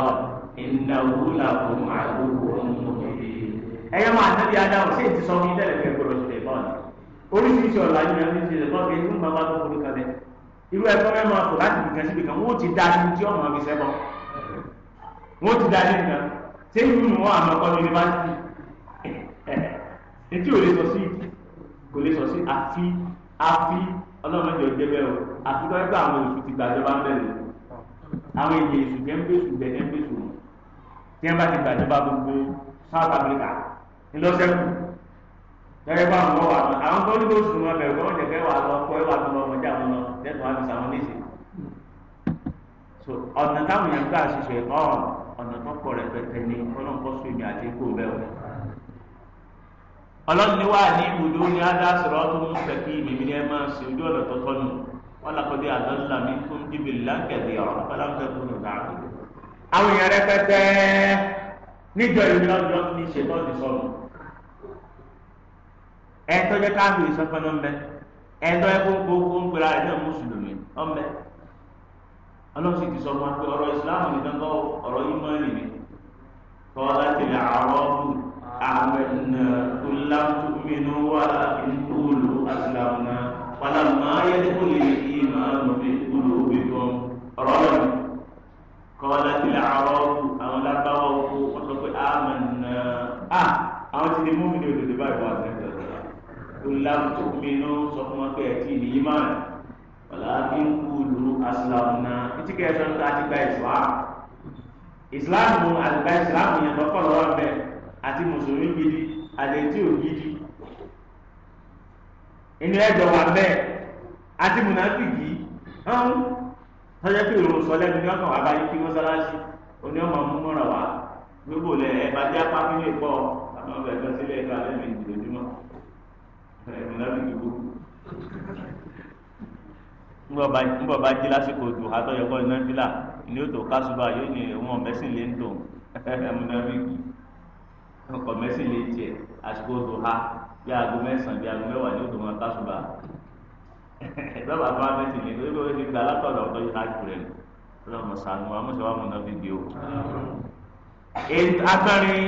ìnáwó làwọn àgbòkò ọmọdé. ẹyẹ máa nábì ádámù sí ètí sọmi lẹ́rẹ̀ẹ́ fẹ́ gbọ́dọ̀ ṣe ìbọn oríṣiríṣi ọ̀la yìí náà ní ṣe ìbọn kí ẹni máa bá tó kúrú kalẹ̀ irú ẹ̀kọ́ mẹ́rin máa tò láti nìkan síbi kan wọ́n ti da ní tí ọmọ mi sẹ́bọ̀ wọ́n ti da ní nìkan ṣé ìlú ni wọ́n àmọ́kọ́ ní yunifásitì ètí ò lè sọ sí i kò lè sọ sí àfi àfi ọlọ́run jọ jẹ́ bẹ́ẹ̀ o àfi tó ẹgbẹ́ àwọn èsù ti gbàjọba ń bẹ̀rẹ̀ àwọn èdè èsù jẹ́ ń bèsù bẹ̀ ẹ̀ ń bèsù mọ̀ tí wọ́n bá ti gbàjọba gbogbo South Africa ńlọ́sẹ̀kù lẹ́yìn bá wọn wà lọ àwọn tó ní kó sùn wọn bẹ̀rù wọn jẹ̀kẹ́ wà lọ kọ́ ẹ wà tó lọ wọn jà wọn lọ lẹ́tọ̀ọ́ àti sàwọn léṣe so ọ̀nà táwọn yẹn gbà ṣiṣẹ́ ọ̀nà tó kọ̀ rẹ̀ pẹ̀tẹ̀ ni ọlọ́run kọ́ sùn ìgbà àti ikú bẹ́ẹ̀ wọ̀ ọlọ́ni wà ní ibùdó ní adásọ̀rọ̀ tó mú kẹ́kí mímí ẹ máa ṣe ojú ọ̀nà tó tọ́nu wọn lakọ́dé àdọ́là mi fún jíbìlì láǹkẹ̀dì ọ̀rọ̀ ọ̀pọ̀lọpọ̀ tó nù dáàbò. àwọn èèyàn rẹpẹtẹ níjọ ìlú ọjọ́ ní ṣètò ọ̀dì sọ̀rọ̀ ẹ tọ́jú káàkiri sọ́kànnà mbẹ ẹ tọ́ ẹ gbogbo ń pera ẹ̀dá mùsùlùmí ọmọ ọlọ́run sì ti sọ fún wa pé ọ̀rọ̀ ìsìláàmù آمنا قل لم تؤمنوا ولكن قولوا أسلمنا ولما يدخل الإيمان في قلوبكم رجل قالت الأعراب أو لا بغوا وقد آمنا آه أو تلموا من يولد باب قل لم تؤمنوا صفما كأتين إيمان ولكن قولوا أسلمنا إتكاسون تأتي بإسلام إسلام الإسلام يتوقع الله àti mùsùlùmí gidi àti etí ògidì ẹjọ wà bẹ́ẹ̀ àti mùnàfíìgì hàn tọjá pé ìròyìn sọlẹ ní ọkàn wà báyìí kí mọ́sálásí oní ọmọ wá gbogbo lẹ ẹ bá dé apá ìpọ àwọn ọmọ ẹgbẹ́ sílẹ̀ ẹgbẹ́ alẹ́ mi gbogbo nbọ bá jí lásìkò ní o tó kásùbà yóò ní ọkọ̀ mẹ́sìn lè tiẹ̀ àsìkò tó ha bí aago mẹ́sàn-án bí aago mẹ́wàá ní o tó máa tásùbà bàbá bá mẹ́sìn lè lórí lórí ti gba alákọ̀ọ́lọ̀ ọ̀tọ́ yìí láti rẹ̀ lọ́mọ sànù amúṣẹ́wà múná bíbí o. akọrin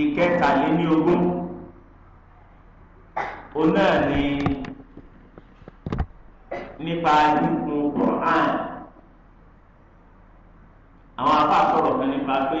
ìkẹtàléní ogún òun náà ni nípa dínkù Quran àwọn afá sọ̀rọ̀ kan nípa pé.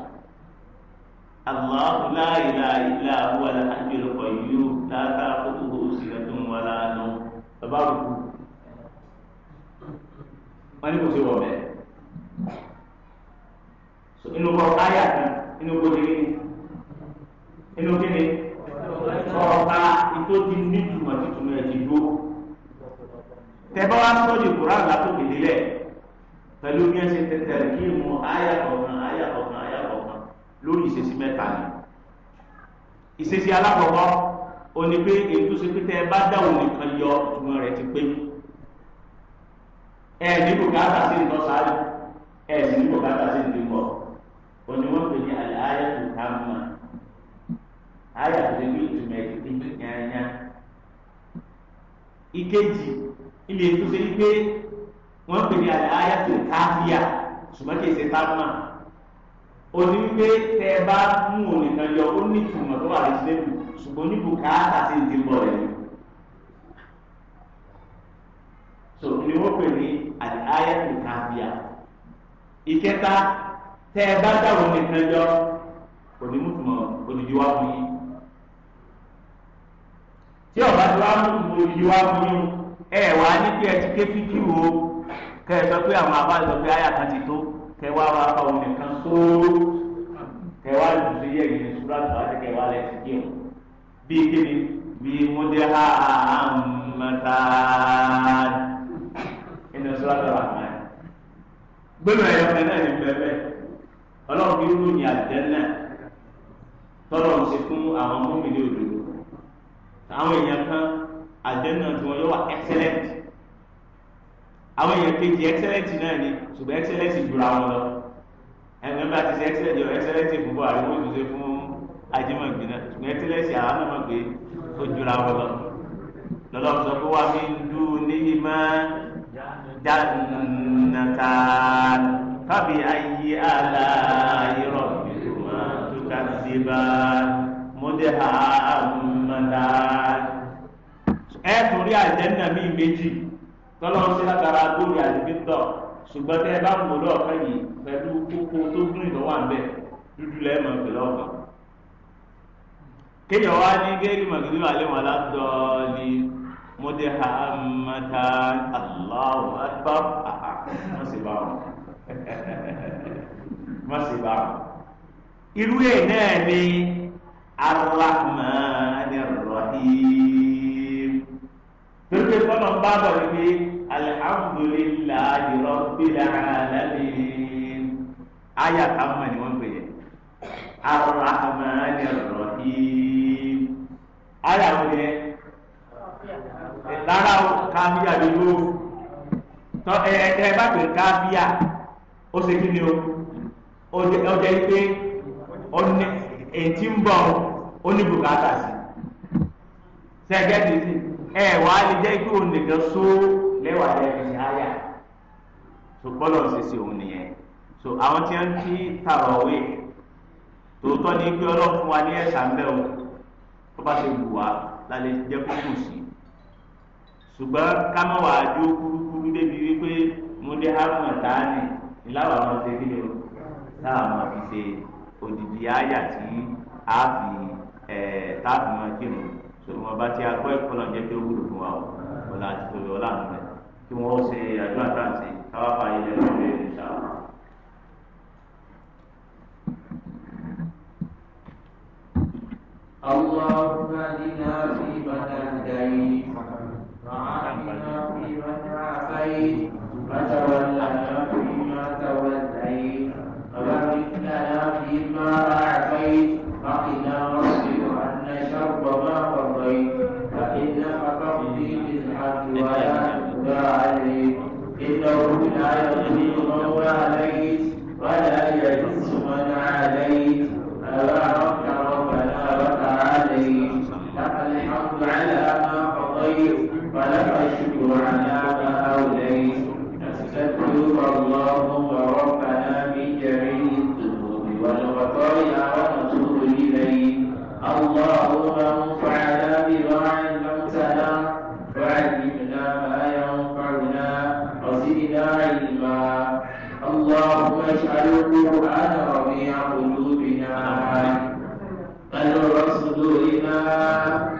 الله لا إله إلا هو الحي القيوم لا تأخذه سنة ولا نوم تبارك wọ́n ní kò sí wọ̀ bẹ́ẹ̀ so inú kọ káyà kan inú kò ní inú kí ni ọ̀ọ́ká ìtó ti nítumọ̀ títúmọ̀ ẹ̀ ti dúró tẹ́bá wá sọ́ọ̀dì kúrò àgbà tó kéde lẹ̀ pẹ̀lú bí ẹ ṣe tẹ̀tẹ̀ kí mu àyà kọ̀ọ̀kan àyà kọ̀ọ̀kan lórí ìṣesí mẹ́ta ni ìṣesí alákọ̀ọ́kọ́ ó ní pé ètò sepítẹ́ bá dáhùn nìkan yọ ìtumọ̀ rẹ̀ ti pé ẹ ní bùkátà sí nǹkan sáré ẹ ní bùkátà sí nǹkan bọ̀ ó ní wọ́n pè ní àlẹ́ ayé tó ká mọ́ ayé àti ní ìtumọ̀ ẹ̀ ti pé yányá ìkejì ilé ètò sepítẹ́ wọ́n pè ní àlẹ́ ayé tó ká fíà ṣùgbọ́n kì í ṣe ká mọ́ òní pé tẹ ẹ bá mú ònìkan yọ ó ní ìtumọ̀ tó wà ní sílẹ̀mù ṣùgbọ́n ní bùkátà sí ti ń bọ̀ rẹ̀ ni. so ni wọ́n pè ní àdìáyà tó kábíà ìkẹta tẹ ẹ bá dá ònìkan yọ òní mùtùmọ̀ òdìdí wá fún yín tí ọba tí wàá mú ìlú wa mú yín ẹ wà ní kí ẹ ti ké fídíò kẹ ẹ sọ pé àwọn abájọ pé àyà kan ti tó kẹwàá wà pa òun nìkan sóòrò kẹwàá lùdù sí yẹ ìyẹn sùúrù àti wàá ti kẹwàá lẹ ti kí o bí kíni bí múdé ha àmàtà ẹni sùúrù àti wàá mọ ẹ gbẹmọ ẹ ọkẹ náà ní bẹbẹ Ọlọ́run kí ló ní àjẹ náà tọrọ ń ṣe fún àwọn mọmìnì òdòdó àwọn èèyàn kan àjẹ náà tí wọn yọ wà excellent àwọn èèyàn kejì excellence náà ni ṣùgbọ́n excellence jura wọn lọ ẹnu bá ti ṣe excellence yọ excellence àríwó ìdúnṣe fún ajímọ̀gbìn náà ṣùgbọ́n excellence àwọn náà mọ̀ ó jura wọn lọ lọ́lọ́ sọ pé wá mi ń dú níyì máa jannata fábí ayé àlá irọ́ ìdùnnú tó ká tọ́lọ́ ń ṣe látara góòlù àdìgbẹ́tọ̀ ṣùgbọ́n tẹ́ ẹ bá mú lọ́ọ̀kan yìí pẹ̀lú kókó tó dún ìlọ́wọ́ àbẹ̀ dúdú lẹ́ẹ̀ mọ̀ pẹ̀lú ọ̀kan. kéèyàn wá ní géèrè màgídí wà lé wọn látọ̀ọ́lì mọ́tẹ́ hamata Allahu akbar wọ́n sì bá wọn wọ́n sì bá wọn. irú ẹ̀ náà ni arahmanirrahim. torí kọ́nà ń bá alihamudulilayi rọ́bìlà alamin aya kàmá ni wọ́n gbé arahamani rahim aya wọ́n yẹ lára kábíyà lójú tọ́ ẹ ẹ bá pè kábíyà ó ṣe kí ni o ó jẹ́ pé ó ní ètí ń bọ̀ ó ní bùkátà sí ẹ wàá lè jẹ́ kí òun nìkan só lẹ́wàá lẹ́yìn ní àyà so bọ́lọ̀ òun nìyẹn so àwọn tí wọ́n ti tààrọ̀ wé tòótọ́ ní pé ọlọ́run fún wa ní ẹ̀sà ń bẹ̀ o tó bá ṣe wù wá la jẹ́ kó kù sí ṣùgbọ́n ká má wàá kúrúkúrú débi wípé mo dé ni ìlàwọ̀ àwọn ṣe kí ni o láwọn fi ṣe òdìdí àyà tí a fi ẹ̀ a sọ̀rọ̀ wọn bá ti agbọ́ ẹ̀kọ́ náà jẹ́ pé ó wúlò fún wa o ọ̀la àti tòlú ọ̀la àná rẹ̀ kí wọ́n ṣe àjọ àtàǹtì káwá bá ilẹ̀ lórí ìṣà. اللهم اهدنا فيمن هديت وعافنا فيمن عافيت وتولنا فيما توليت وبارك لنا فيما اعطيت وقنا إنه من آياته مولى عليه اللهم اجعل القرآن ربيع قلوبنا بل صدورنا